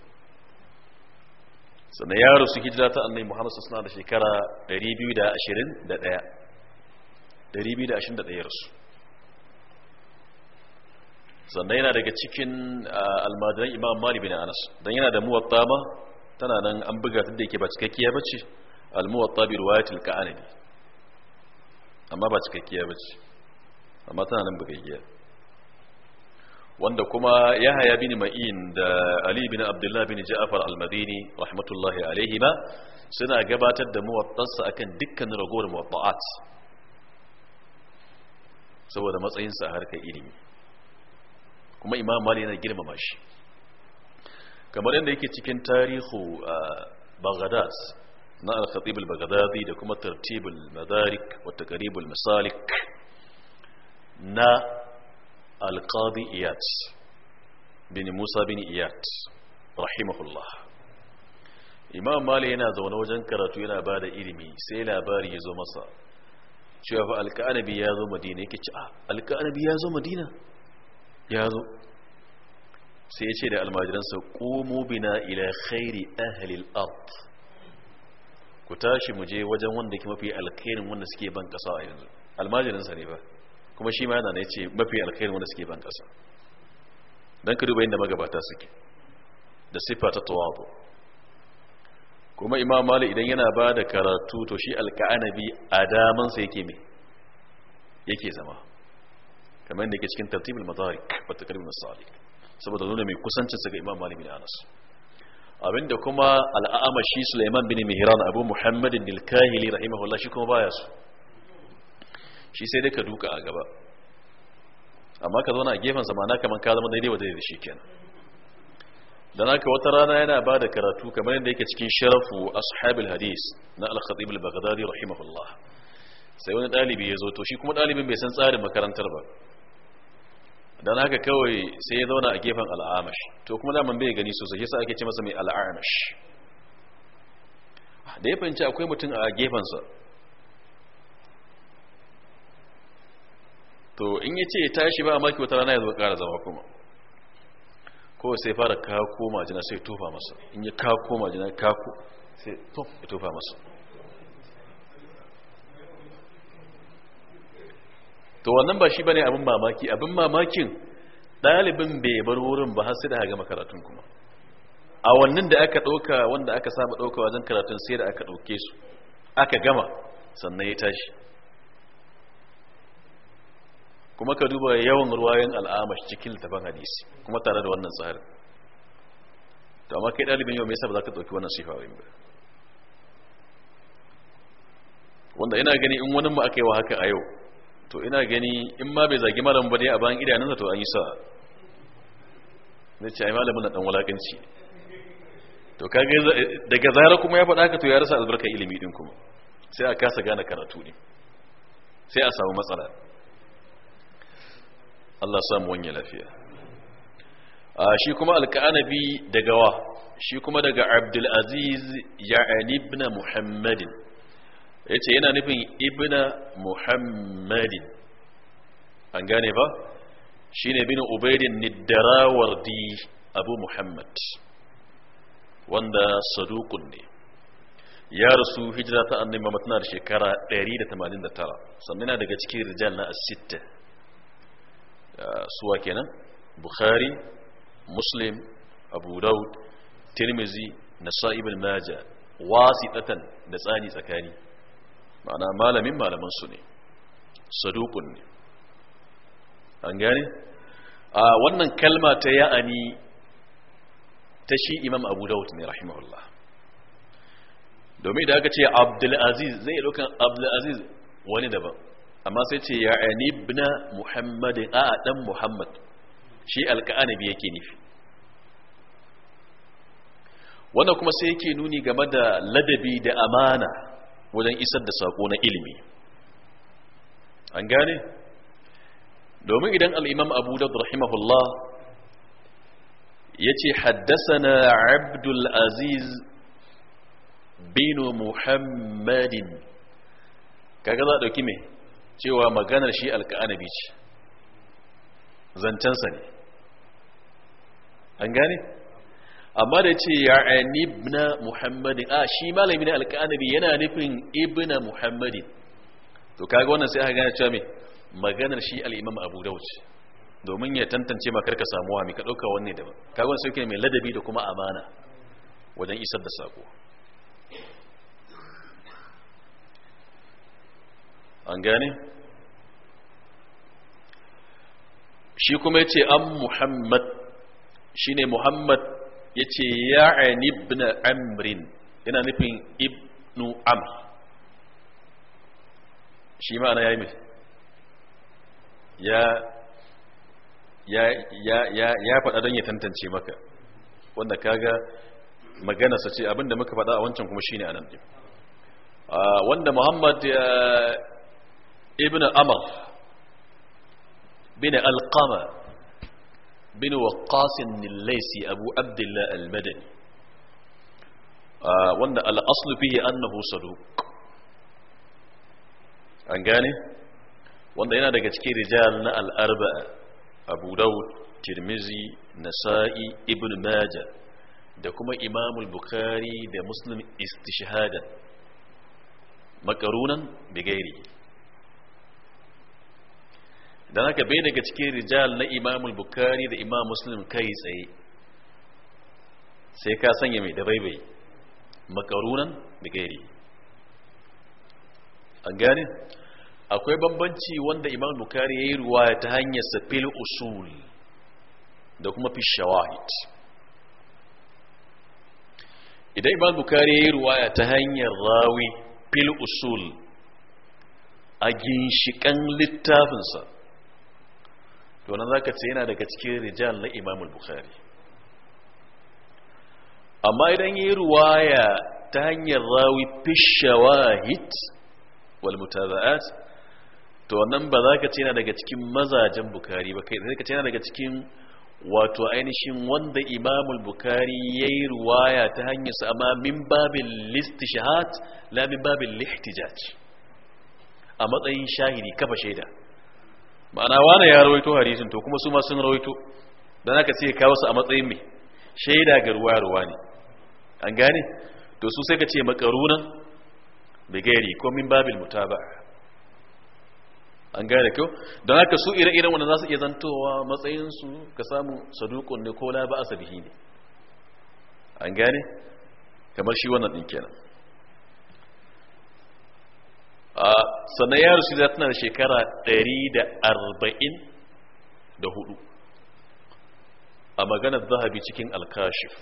sannan ya rasu hijira ta annai muhammad suna da shekara 221 221 rasu sannan yana daga cikin almadiran imam mali bin anas don yana da muwatta ma tana nan an buga ta da yake ba cikakkiya ba ce almuwatta bi ruwayatul ka'anabi amma ba cikakkiya ba ce amma tana nan bugaggiya wanda kuma yahaya bin ma'in da ali bin abdullah bin ja'far al-madini rahmatullahi alaihima suna gabatar da muwattansa akan dukkan ragowar muwatta'at saboda matsayinsa a harkar ilimi kuma imam mali yana girmama shi kamar yadda yake cikin tarihu baghdad na al-khatib al-baghdadi da kuma tartibul madarik wa taqribul masalik na القاضي إياد بن موسى بن إياد رحمه الله imam mali yana zaune wajen karatu yana ba da ilimi sai labari ya zo masa cewa fa alka'anabi ya zo madina yake ci a alka'anabi ya zo madina ya zo sai ya ce da almajiransa ƙomo bina ila khairi ahalil ard ku tashi mu je wajen wanda ke mafi alkhairin wanda suke ban ƙasa a yanzu almajiransa ne ba kuma shi ma yana ne ce mafi alkhairin wanda suke ban kasa don ka duba inda magabata suke da siffa ta tawadu kuma imam mali idan yana ba da karatu to shi alka'anabi a damansa yake me yake zama kamar yadda yake cikin tartibul madarik wa taqribul masalik saboda nuna mai kusancinsa ga imam mali bin anas abinda kuma al'amashi Sulaiman bin Mihran Abu Muhammad al-Kahili rahimahullah shi kuma baya su shi sai dai ka duka a gaba amma ka zauna a gefen samana kamar ka zama daidai wa daidai da shi kenan Da naka wata rana yana ba da karatu kamar yadda yake cikin sharafu ashabil hadis na al-khatib al-baghdadi rahimahullah sai wani dalibi ya zo to shi kuma dalibin bai san tsarin makarantar ba dan haka kawai sai ya zauna a gefen al'amash to kuma daman bai gani sosai yasa ake ce masa mai al'amash da ya fahimci akwai mutum a gefensa to in ya ce ya tashi ba maki wata rana ya zo kara zama kuma ko sai fara koma majina sai tofa masa in ya jina ka ko sai tof ya tofa masa to wannan ba shi bane abin mamaki abin mamakin dalibin bai bar wurin ba har sai da gama karatun kuma a wannan da aka ɗauka wanda aka saba ɗauka wajen karatun sai da aka ɗauke su aka gama sannan ya tashi kuma ka duba yawan ruwayen al'amash cikin littafin hadisi kuma tare da wannan tsarin to amma kai dalibin yau me yasa ba za ka ɗauki wannan sifa ba wanda ina gani in wani mu aka yi wa haka a yau to ina gani in ma bai zagi malam ba dai a bayan idanunsa to an yi sa zai ce ai malamin na dan walakanci to kage daga zara kuma ya faɗa ka to ya rasa albarkar ilimi din kuma sai a kasa gane karatu ne sai a samu matsala Allah samu wanye lafiya shi kuma alka'anabi da gawa. shi kuma daga abdulaziz ya'ani ibn muhammadin ya ce yana nufin ibn muhammadin an gane ba shi ne bin ubaidin niddarawar di abu muhammad wanda sadukun ne ya rasu hijira ta annabi mamatunar shekara 189 sannan yana daga cikin rijal na asitta suwa kenan bukhari muslim abu daud tirmizi nasa'i bin maja wasitatan da tsani tsakani ma'ana malamin malaman su ne saduqun ne an gane a wannan kalma ta ya'ani ta shi imam abu daud ne rahimahullah domin da aka ce abdulaziz zai ɗaukar abdulaziz wani daban amma sai ce ya ani ibna muhammadin a dan muhammad shi alka'anabi yake nufi wannan kuma sai yake nuni game da ladabi da amana wajen isar da sako na ilimi an gane domin idan al'imam abu da rahimahullah ya ce haddasa abdulaziz binu muhammadin kaga za a ɗauki mai cewa maganar shi alka'anabi ce zancensa ne an gane amma da ce ya na muhammadin a ah, shi malami na alka'anabi yana nufin ibina muhammadin to kaga wannan sai aka gane cewa mai maganar shi al'imam abu dauci domin ya tantance makar ka samuwa mai ka ɗauka wanne daban kaga wannan sai mai ladabi da kuma amana wajen isar da sako an gane shi kuma ya ce an muhammad shi ne muhammad ya ce ya ya'ani ibn amrin yana nufin ibnu amr shi ma'ana ya yi mai ya faɗa don ya tantance maka wanda kaga maganarsa ce abinda muka faɗa a wancan kuma shine anan din ah, wanda muhammad ah, ابن أمر بن القمة بن وقاص الليسي أبو عبد الله المدني آه، وأن الأصل به أنه صدوق عن جاني وأن هنا تكي رجالنا الأربعة أبو داود ترمزي نسائي ابن ماجة da kuma imamul bukari da muslim istishhadan makarunan bigairi da haka bai daga cikin rijal na imam bukhari da imam muslim kai tsaye sai ka sanya mai da baibai makarunan da gairi an gane akwai bambanci wanda imam bukhari ya yi ruwaya ta hanyar safil usul da kuma fi shawahid idan imam bukhari ya yi ruwaya ta hanyar rawi fil usul a ginshikan littafinsa to za ka ce yana daga cikin rijal na Imam bukhari amma idan yi ruwaya ta hanyar rawi fi shawahid wal mutaba'at to wannan ba ka ce yana daga cikin mazajen Bukhari ba kai zaka ce yana daga cikin wato ainihin wanda imamul bukari ya yi ruwaya ta hanyar sa amma min babin listishahat la min babin lihtijaj a matsayin shahidi kafa shaida ma'ana wane ya rawaito hadisin to kuma su ma sun rawaito dan haka sai kawo su a matsayin mai shaida ga ruwa ruwa ne an gane to su sai ka ce makarunan bigari ko min babil mutaba an gane kyau don haka su ire-iren wanda za su iya zantowa matsayinsu ka samu sadukun ne ko la ba asabihi ne an gane kamar shi wannan ɗin kenan sannan ya rasu da tana da shekara 144 a maganar zahabi cikin alkashif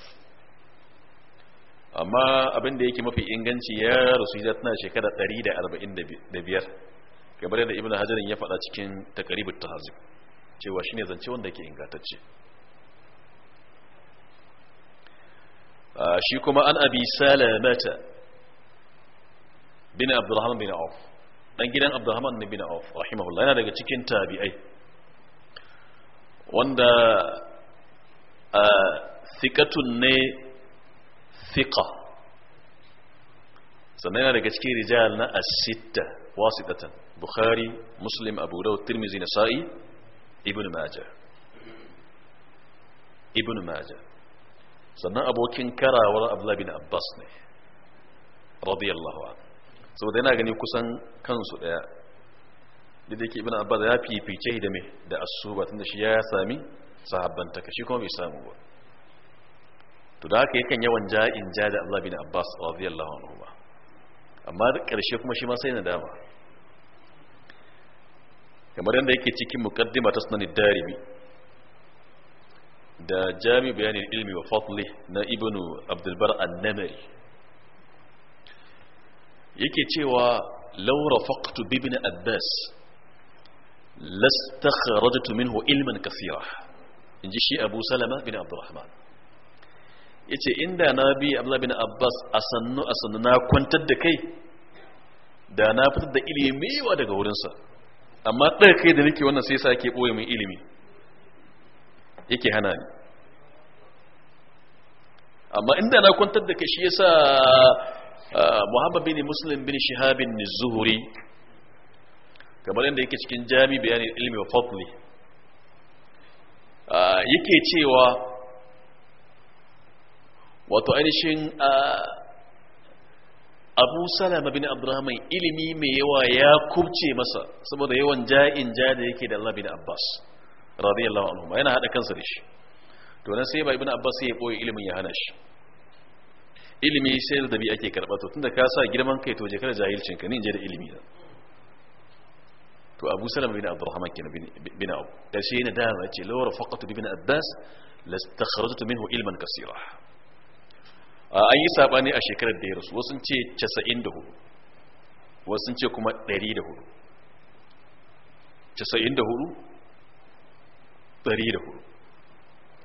amma abin da yake mafi inganci ya rasu da tana da shekara 145 kamar yadda ibn hajarin ya faɗa cikin ta hazi cewa shine zance wanda ke ingantacce shi kuma an abi salamata bin abdulrahman bin auf dan gidan abdurrahman bin auf rahimahullah yana daga cikin tabi'ai wanda a thiqatun ne thiqa sannan yana daga cikin rijal na as-sitta wasitatan bukhari muslim abu dawud tirmizi nasa'i ibn majah ibn majah sannan abokin karawar abdullah bin abbas ne radiyallahu anhu saboda yana gani kusan kansu daya duk da ke ibn abbas ya fifice da me da asuba tunda shi ya sami sahabban taka shi kuma bai samu ba to da haka yakan yawan ja'in ja da Allah bin Abbas radiyallahu anhu ba amma karshe kuma shi ma sai na dama kamar yadda yake cikin muqaddima ta sunan darimi da jami bayanin ilmi wa fadli na ibnu abdul bar an-namari yake cewa laura faqtu bibin abbas lastakharajtu minhu ilman kathira inji shi abu salama bin abdurrahman yace inda na bi abdullahi bin abbas a sannu na kwantar da kai da na fitar da ilimi wa daga wurinsa amma ɗaya kai da nake wannan sai sa ke ɓoye min ilimi yake hana ni amma inda na kwantar da kai shi yasa muhammad bin muslim bin shihabin zuhuri kamar yadda yake cikin jami bayanin ilmi wa fadli yake cewa wato ainihin abu salama bin abdurrahman ilimi mai yawa ya kubce masa saboda yawan ja'in ja da yake da Allah bin abbas radiyallahu anhu yana haɗa kansa da shi to nan sai ba ibn abbas sai ya boye ilimin ya hana shi ilimi sai da bi ake karɓa to tunda ka sa girman kai to je kana jahilcin ka ni je da ilimi da to abu salam bin abdurrahman kin bin abu da shi ne da ma ce law lawar bi bin abbas lastakhrajtu minhu ilman kaseera an yi sabani a shekarar da ya rasu wasu ce 94 wasu ce kuma 104 94 104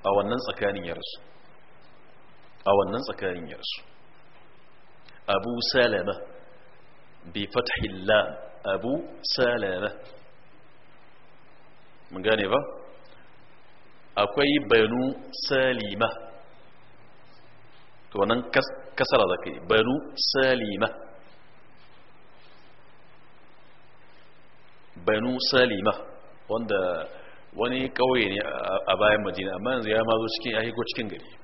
a wannan tsakanin ya rasu a wannan tsakanin yarsu abu salama bi fathillah abu salama mun gane ba akwai banu salima to nan kasara zaka yi banu salima banu salima wanda wani kauye ne a bayan madina amma yanzu ya mazo cikin ya higo cikin gari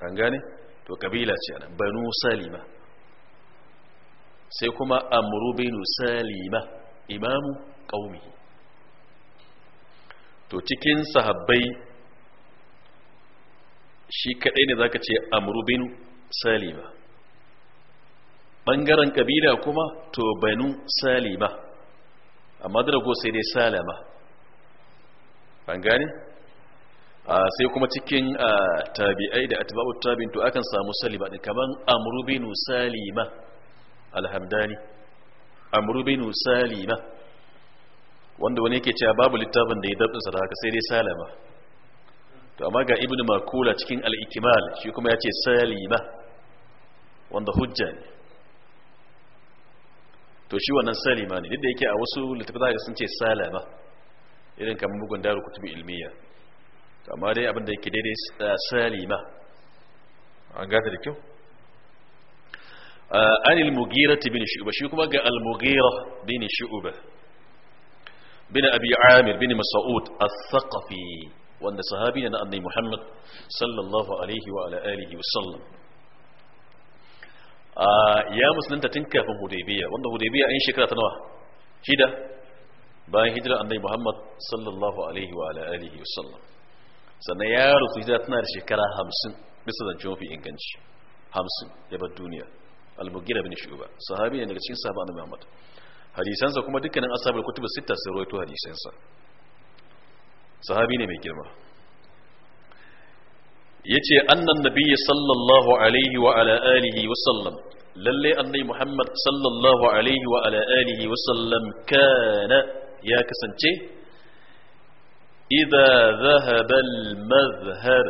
an gane to kabila ce ana banu salima sai kuma amru binu salima imamu qaumi to cikin sahabbai shi kadai ne zaka ce amru binu salima bangaren kabila kuma to banu salima amma da ko sai dai salama an gane Ah, sai kuma cikin ah, tabi'ai da atba'u tabi'in to akan samu salima din kaman amru bin salima alhamdani amru bin salima wanda wani yake cewa babu littafin da ya dabin sa da haka sai dai salama to amma ga ibnu makula cikin al-ikmal shi kuma yace salima wanda hujja ne to shi wannan salima ne duk da yake a wasu littafai sun ce salama irin kamar bugun daru kutubi ilmiya amma dai abin da yake daidai salima an gata da kyau an al-mugira bin shu'ba shi kuma ga al-mugira bin shu'ba bin abi amir bin mas'ud al-thaqafi wanda sahabi ne na annabi muhammad sallallahu alaihi wa ala alihi wa sallam ya musulunta tun kafin hudaybiya wanda hudaybiya an shekara ta nawa shida bayan hijira annabi muhammad sallallahu alaihi wa ala alihi wa sallam sannan ya rasu hijira tana da shekara hamsin bisa zancen mafi inganci hamsin ya bar duniya al-mugira bin shuba sahabi ne daga cikin sahaba annabi Muhammad hadisansa kuma dukkanin ashabul kutub sita sun rawaito hadisansa sahabi ne mai girma yace annan nabiyyi sallallahu alaihi wa ala alihi wa sallam lalle annabi Muhammad sallallahu alaihi wa ala alihi wa sallam kana ya kasance إذا ذهب المظهر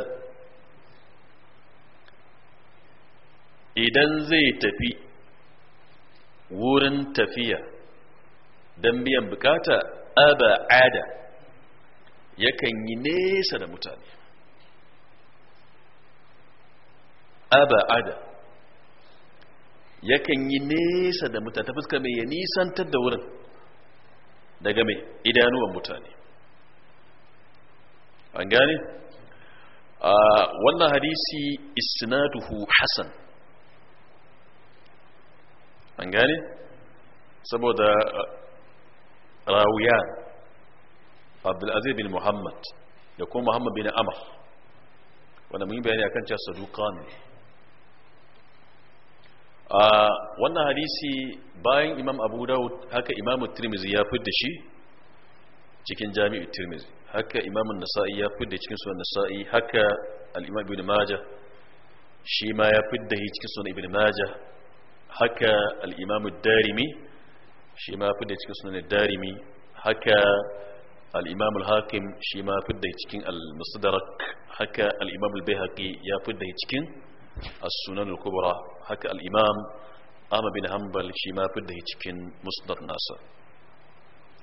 idan zai tafi wurin tafiya don biyan bukata aba'ada yakan yi nesa da mutane aba'ada yakan yi nesa da mutane ta fuska mai ya nisantar da wurin daga mai idanuwan mutane an gane wannan hadisi isnaduhu hasan an gane saboda rawiyan abdulaziz bin muhammad da kuma muhammad bin Amar wanda mun yi bayani kan cewa saduqan a wannan hadisi bayan imam abu dawud haka imam tirmizi ya fi da shi cikin jami'u tirmizi هكا إمام النسائي يقول ده كنسو النسائي هكا الإمام ابن ماجه شيما يقول ده كنسو ابن ماجه هكا الإمام الدارمي شيما يقول ده كنسو الدارمي هكا الإمام الحاكم شيما يقول ده المصدرك هكا الإمام البيهقي يقول ده السنن الكبرى هكا الإمام أما بن حنبل شيما يقول ده مصدر ناصر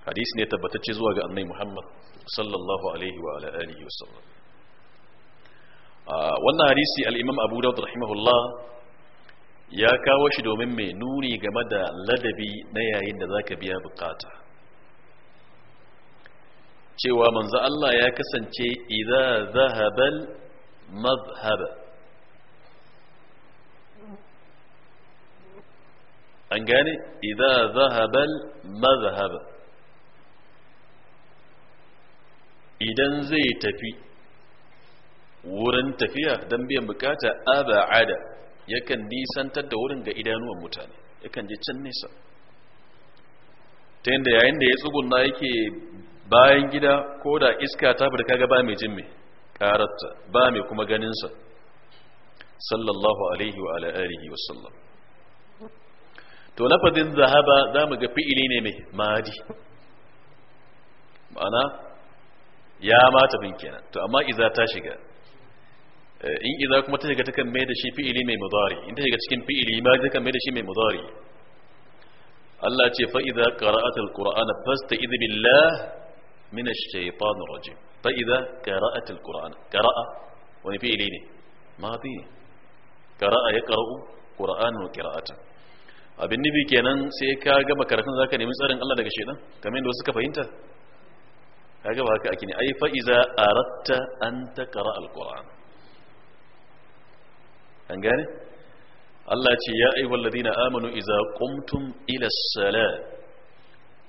hadisi ne tabbatacce zuwa ga annai muhammad sallallahu alaihi wa ala alihi wa sallam wannan hadisi al-imam abu dawud rahimahullah ya kawo shi domin mai nuni game da ladabi na yayin da zaka biya bukata cewa manzo Allah ya kasance idza zahabal mazhaba an gane idza zahabal mazhaba idan zai tafi wurin tafiya don biyan bukata aba'ada yakan nisantar da wurin ga idanuwan mutane yakan je can nesa ta yadda yayin da ya tsugunna yake bayan gida ko da iska ta fi ga ba mai jin mai karatta ba mai kuma ganinsa sallallahu alaihi wa ala'arihi wasallam to lafazin zahaba za mu ga fi'ili ne mai madi ma'ana ya mata bin kenan to amma iza ta shiga eh, in iza kuma ta shiga ta kan mai da shi fi'ili mai mudari in ta shiga cikin fi'ili ma ta kan mai da shi mai mudari Allah ce fa idza qara'at al-qur'ana fasta'id billah min ash-shaytan ar-rajim fa idza qara'at al-qur'ana qara'a wani fi'ili ne madi qara'a yaqra'u qur'anan wa qira'atan abin nabi kenan sai ka gama karatun zaka nemi tsarin Allah daga shedan kamar yadda wasu ka fahimta kaga ba haka ake ne ai fa iza aratta an taqra alquran an gane Allah ce ya ayyuhal ladina amanu iza qumtum ila as-salat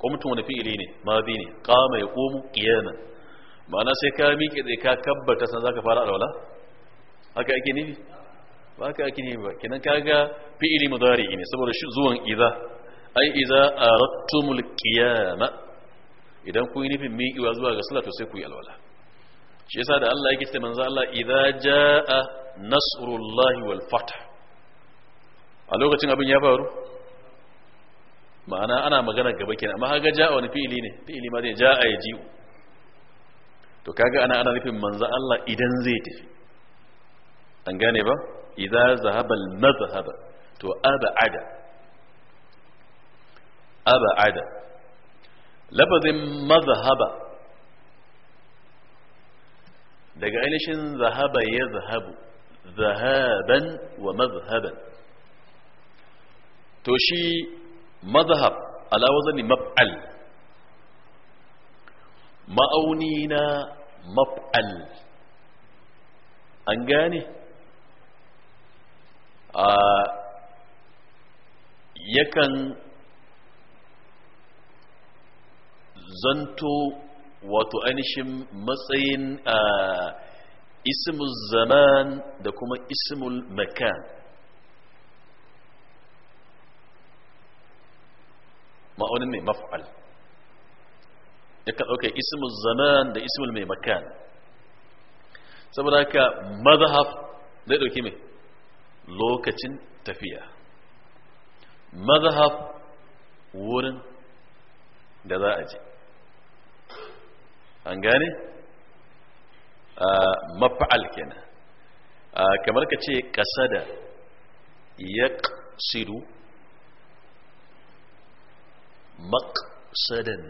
qumtum wani fi'ili ne madi ne qama yaqumu qiyama ma'ana sai ka miƙe dai ka kabbata san zaka fara alwala haka ake nufi ba haka ake nufi ba kenan kaga fi'ili mudari ne saboda zuwan iza ai iza arattumul qiyama idan kun yi nufin miƙewa zuwa ga salatu sai ku yi alwala shi yasa da Allah yake ce manzo Allah idza jaa nasrullahi wal fath a lokacin abin ya faru ma'ana ana magana gaba kenan amma kaga jaa wani fi'ili ne fi'ili ma zai jaa ya ji'u to kaga ana ana nufin manzo Allah idan zai tafi an gane ba idza zahaba al mazhaba to abada abada lafazin mazhaba daga ainihin zahaba ya zahabu zahaban wa mazhaban to shi mazhab alawazani maf'al ma'auni na maf'al an gane a yakan zanto wato ainihin matsayin a ismul zaman da kuma ismul makan ma'aunin mai maf'al ya ka ɗauka ismul zaman da ismul mai makan saboda haka mazhab zai ɗauki mai lokacin tafiya mazhab wurin da za a je an gane mafa'al kenan kamar ka ce kasada ya sidu maqsadan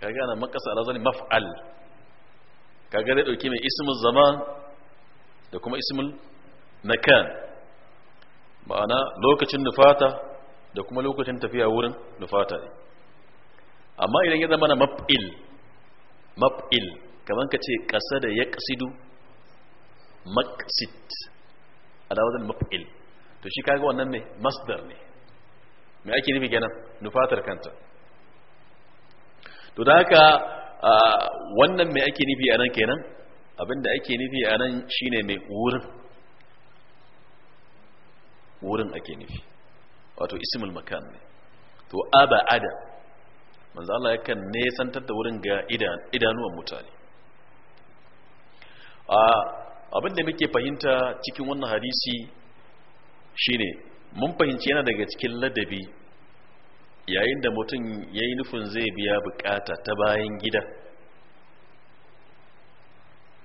ka gane makasa zane maf'al ka gane dauke mai ismin zaman da kuma ismin makan ma'ana lokacin nufata da kuma lokacin tafiya wurin nufata ne amma idan ya zama na maf'il maf'il kaman ka ce ƙasa da ya ƙasidu maksit alawazin maf'il to shi kaga wannan ne masdar ne mai ake nufi kenan nufatar kanta to da haka wannan mai ake nufi a nan kenan abinda ake nufi a nan shine mai wurin wurin ake nufi wato ismul makan ne to aba adam manzo Allah yakan nesantar da wurin ga idanuwan mutane abin da muke fahimta cikin wannan hadisi shine mun fahimci yana daga cikin ladabi yayin da mutum ya yi nufin zai biya bukata ta bayan gida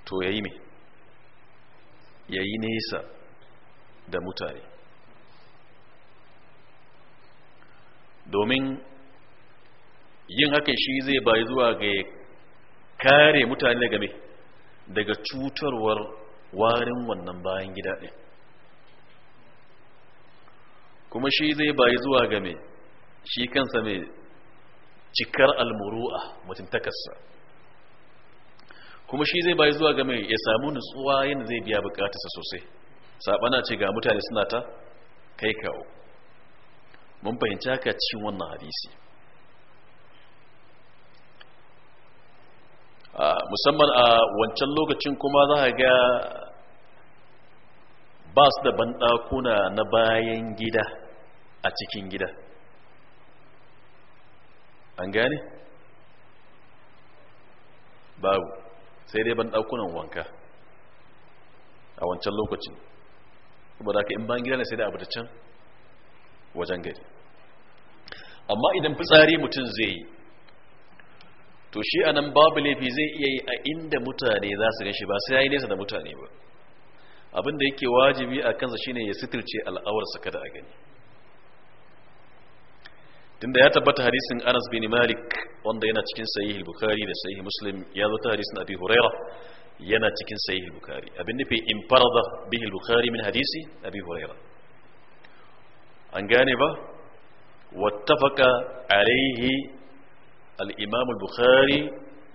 to ya yi ya yi nesa da mutane domin yin hakan shi zai bayi zuwa ga kare mutane game daga cutarwar warin wannan bayan gida ɗin kuma shi zai bayi zuwa ga shi kansa mai cikar almuru'a takasa. kuma shi zai bayi zuwa ga ya samu nutsuwa yin zai biya bukatarsa sosai saɓana ce ga mutane suna ta kai kawo mun fahimci haka cikin wannan hadisi Ah, musamman a wancan lokacin kuma za a ga ba su da banɗakuna na bayan gida a cikin gida an gane? babu sai dai banɗakunan wanka a wancan lokacin kuma da ka in bayan gida ne sai da abu da can wajen gari amma idan fitsari mutum zai yi to shi anan babu laifi zai iya yi a inda mutane za su gashi ba sai ya yi nesa da mutane ba abin da yake wajibi a kansa shine ya sitirce al'awarsa kada a gani tunda ya tabbata hadisin Anas bin Malik wanda yana cikin sahih bukhari da sahih Muslim ya zo ta hadisin Abi yana cikin sahih bukhari abin nufi in farada bihi bukhari min hadisi Abi an gane ba wattafaka alaihi al-imam al-bukhari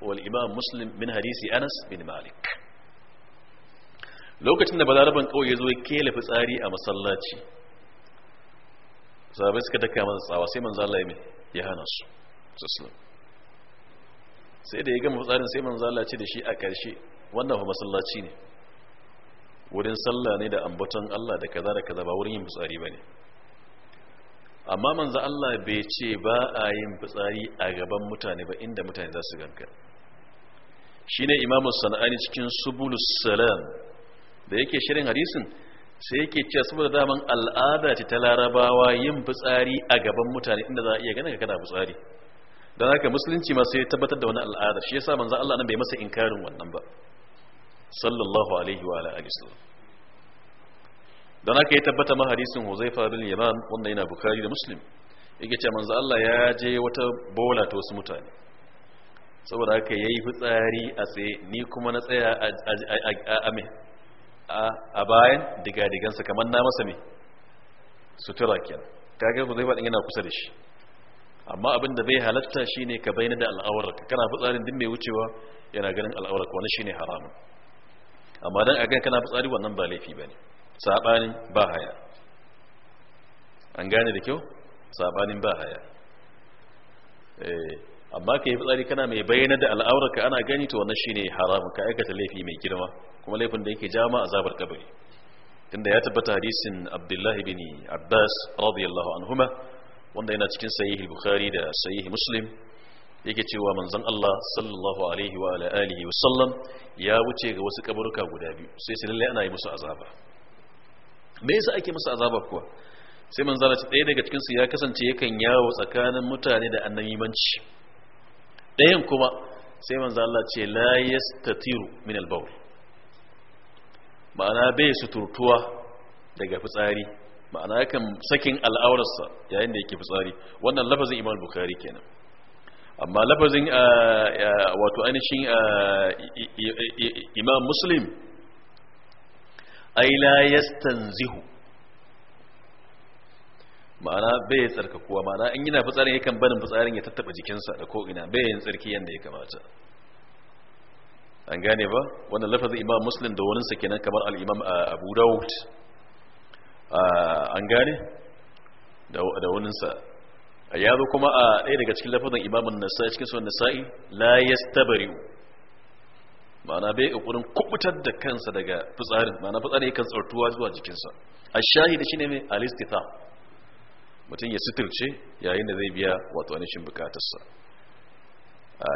wal imam muslim min hadisi anas bin malik lokacin da balaraban kawai ya zo ya kela fitsari a masallaci sahabai suka daka masa tsawa sai manzo ya ya hana su sai da ya gama fitsarin sai manzo Allah ce da shi a karshe wannan fa masallaci ne wurin sallah ne da ambaton Allah da kaza da kaza ba wurin yin fitsari bane amma manzo Allah bai ce ba a yin fitsari a gaban mutane ba inda mutane za su ganka shine imamu sana'ani cikin subulus salam da yake shirin hadisin sai yake cewa saboda daman al'ada ce ta larabawa yin fitsari a gaban mutane inda za a iya ganin kana fitsari don haka musulunci ma sai tabbatar da wani al'ada shi yasa manzo Allah nan bai masa inkarin wannan ba sallallahu alaihi wa alihi wasallam don haka ya tabbata ma hadisin huzaifa bin yaman wannan yana bukari da muslim yake ce manzo Allah ya je wata bola ta wasu mutane saboda haka yayi fitsari a tsaye ni kuma na tsaya a a a bayan digadigansa kamar na masa me sutura kenan kage huzaifa din yana kusa da shi amma abin da bai halatta shine ka bayyana da al'aurarka kana fitsarin din mai wucewa yana ganin ka wannan shine haramun amma dan a ga kana fitsari wannan ba laifi bane sabanin ba haya an gane da kyau sabanin ba haya eh, amma ka yi fitsari kana mai bayyana da al'aurarka ana gani to wannan shine haramun ka aikata laifi mai girma kuma laifin da yake jama azabar kabari tunda ya tabbata hadisin abdullahi bin abbas radiyallahu anhuma wanda yana cikin sahih bukhari da sahih muslim yake cewa manzon Allah sallallahu alaihi wa alihi wa sallam ya wuce ga wasu kaburuka guda biyu sai sai lalle ana yi musu azaba me yasa ake masa azaba kuwa sai manzo Allah ɗaya daga cikin su ya kasance yakan yawo tsakanin mutane da annabimanci ɗayan kuma sai manzo Allah ce la yastatiru min al-bawl ma'ana bai suturtuwa daga fitsari ma'ana yakan sakin al'aurarsa yayin da yake fitsari wannan lafazin imam bukhari kenan amma lafazin ah, ah, wato ainihin ah, imam muslim ai la yastanzihu ma'ana bai ya tsarka kuwa ma'ana in yana fitsarin kan barin fitsarin ya tattaba jikinsa da ko ina bai yin tsarki yanda ya kamata an gane ba wannan lafazin imam muslim da wani sa kenan kamar al-imam ah, abu dawud ah, an gane da wani sa ya zo kuma a ah, ɗaya daga cikin lafazin imam an-nasa'i cikin sunan nasa'i la yastabri'u ma'ana bai ƙoƙarin kubutar da kansa daga fitsarin ma'ana fitsarin yakan tsartuwa zuwa jikinsa a shi ne mai alistita mutum ya sitirce yayin da zai biya wato anishin bukatarsa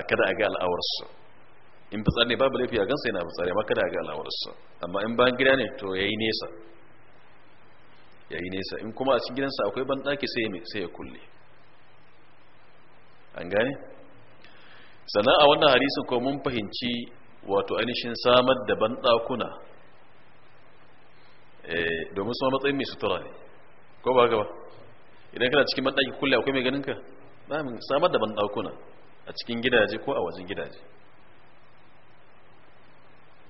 kada a ga al'awarsa in fitsar ne babu laifi a gansa yana fitsari amma kada a ga al'awarsa amma in ban gida ne to yayi nesa yayi nesa in kuma a cikin gidansa akwai ban daki sai mai sai ya kulle an gane sannan a wannan hadisin ko mun fahimci wato ainihin samar da banɗakuna eh, domin su matsayin mai sutura ne ko ba gaba idan kana cikin banɗaki kulle akwai mai ganinka samar da banɗakuna a cikin gidaje ko a wajen gidaje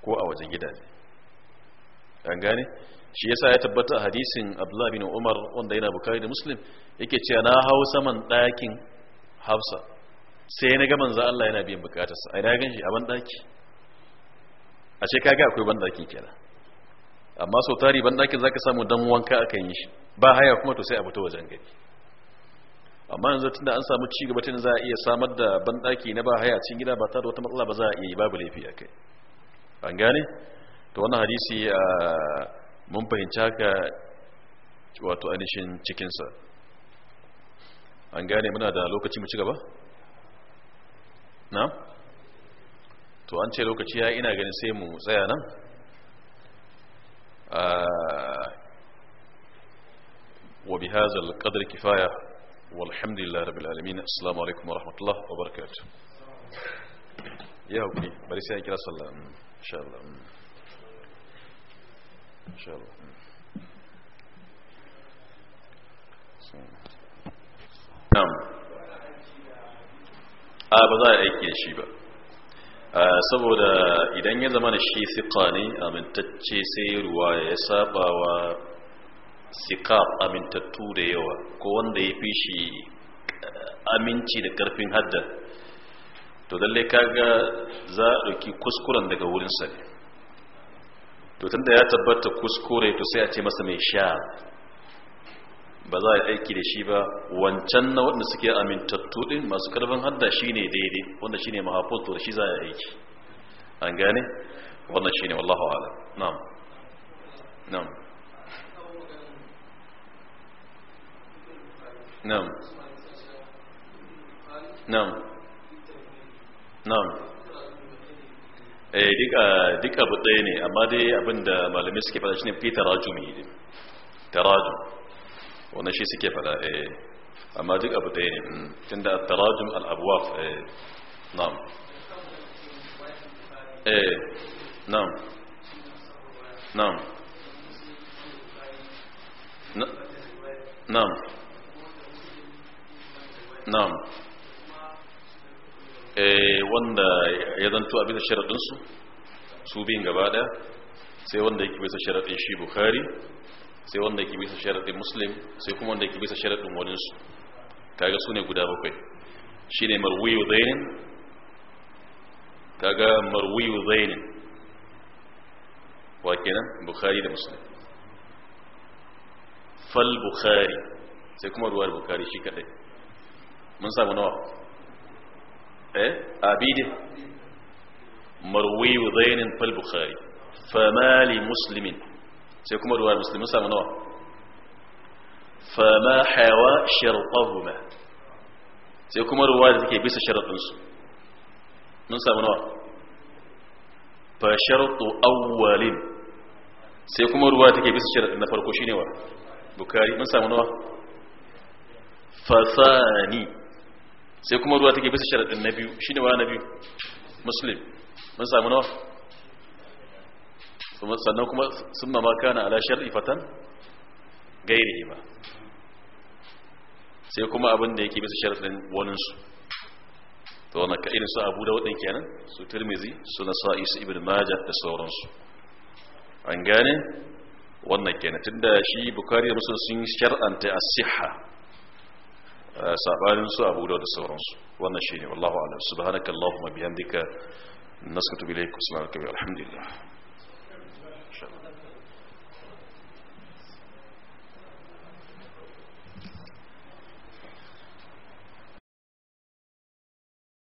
ko a wajen gidaje an gane shi yasa ya tabbata a hadisin abdullahi bin umar wanda yana bukari da muslim yake cewa na hau saman ɗakin hafsa sai na ga za Allah yana biyan bukatarsa a ina gan shi a ban ɗaki a ce kaga akwai bandakin kenan amma sau tari za zaka samu dan wanka aka yi shi ba haya kuma to sai a fito wajen gari amma yanzu tunda an samu ci gaba tun za a iya samar da bandaki na ba haya cikin gida ba tare da wata matsala ba za a iya yi babu laifi a kai an gane to wannan hadisi mun fahimci haka wato ainihin cikinsa an gane muna da lokaci mu ci gaba na to an ce lokaci ya ina gani sai mu tsaya nan wa bi hadha al-qadr kifaya walhamdulillahi rabbil alamin assalamu alaikum wa rahmatullahi wa barakatuh ya hukuri bari sai kira sallah insha Allah insha Allah na'am a ba za a aiki da shi ba Ah, saboda idan ya zama da shi siƙa ne amintacce sai ruwa ya saba wa siƙa amintattu da yawa ko wanda ya fi shi eh, aminci da ƙarfin hadda to lallai kaga za a ɗauki kuskuren daga wurinsa ne to tunda ya tabbata kuskure to sai a ce masa mai sha ba za a yi aiki da shi ba wancan na wadanda suke amintattu ɗin masu karfin hadda shi ne daidai wanda shi ne mahafoto da shi za a yi aiki an gane wannan shi ne wallahu ala na'am na'am na'am na'am na'am eh duka ah, abu ɗaya ne amma dai abinda malamai suke faɗa shi fi tarajumi tarajum wannan shi suke fada eh amma duk abu ɗaya ne tunda tarajum al-abwaf eh na'am eh na'am na'am na'am na'am eh wanda ya zanto a bisa sharadin su su bin gaba daya sai wanda yake bisa sharadin shi bukhari sai wanda ke bisa sharadin muslim sai kuma wanda ke bisa sharadin waninsu kaga su ne guda bakwai shi ne marwiyu zainin kaga marwiyu zainin wa kenan bukhari da muslim fal bukhari sai kuma ruwar bukhari shi kadai mun samu nawa eh abidi marwiyu zainin fal bukhari fama li muslimin sai kuma ruwa musulmi samu nawa fama hawa sharqahuma sai kuma ruwa da take bisa sharadin su mun samu nawa fa sharatu awwalin sai kuma ruwa take bisa sharadin na farko shine wa bukari mun samu nawa sani sai kuma ruwa take bisa sharadin na biyu shine wa na biyu muslim mun samu nawa sannan kuma sun ma kana ala shar'i fatan gairi ba sai kuma abin da yake bisa sharfin waninsu ta wani ka irin su abu da waɗin kenan su turmizi su nasa'i su ibn maja da sauransu an gane wannan kenan tun da shi bukari da musul sun shar'anta a siha eh, saɓanin su abu da da sauransu wannan shi ne wallahu alam subhanakallahumma bihamdika naskutu bilayka subhanaka wa alhamdulillah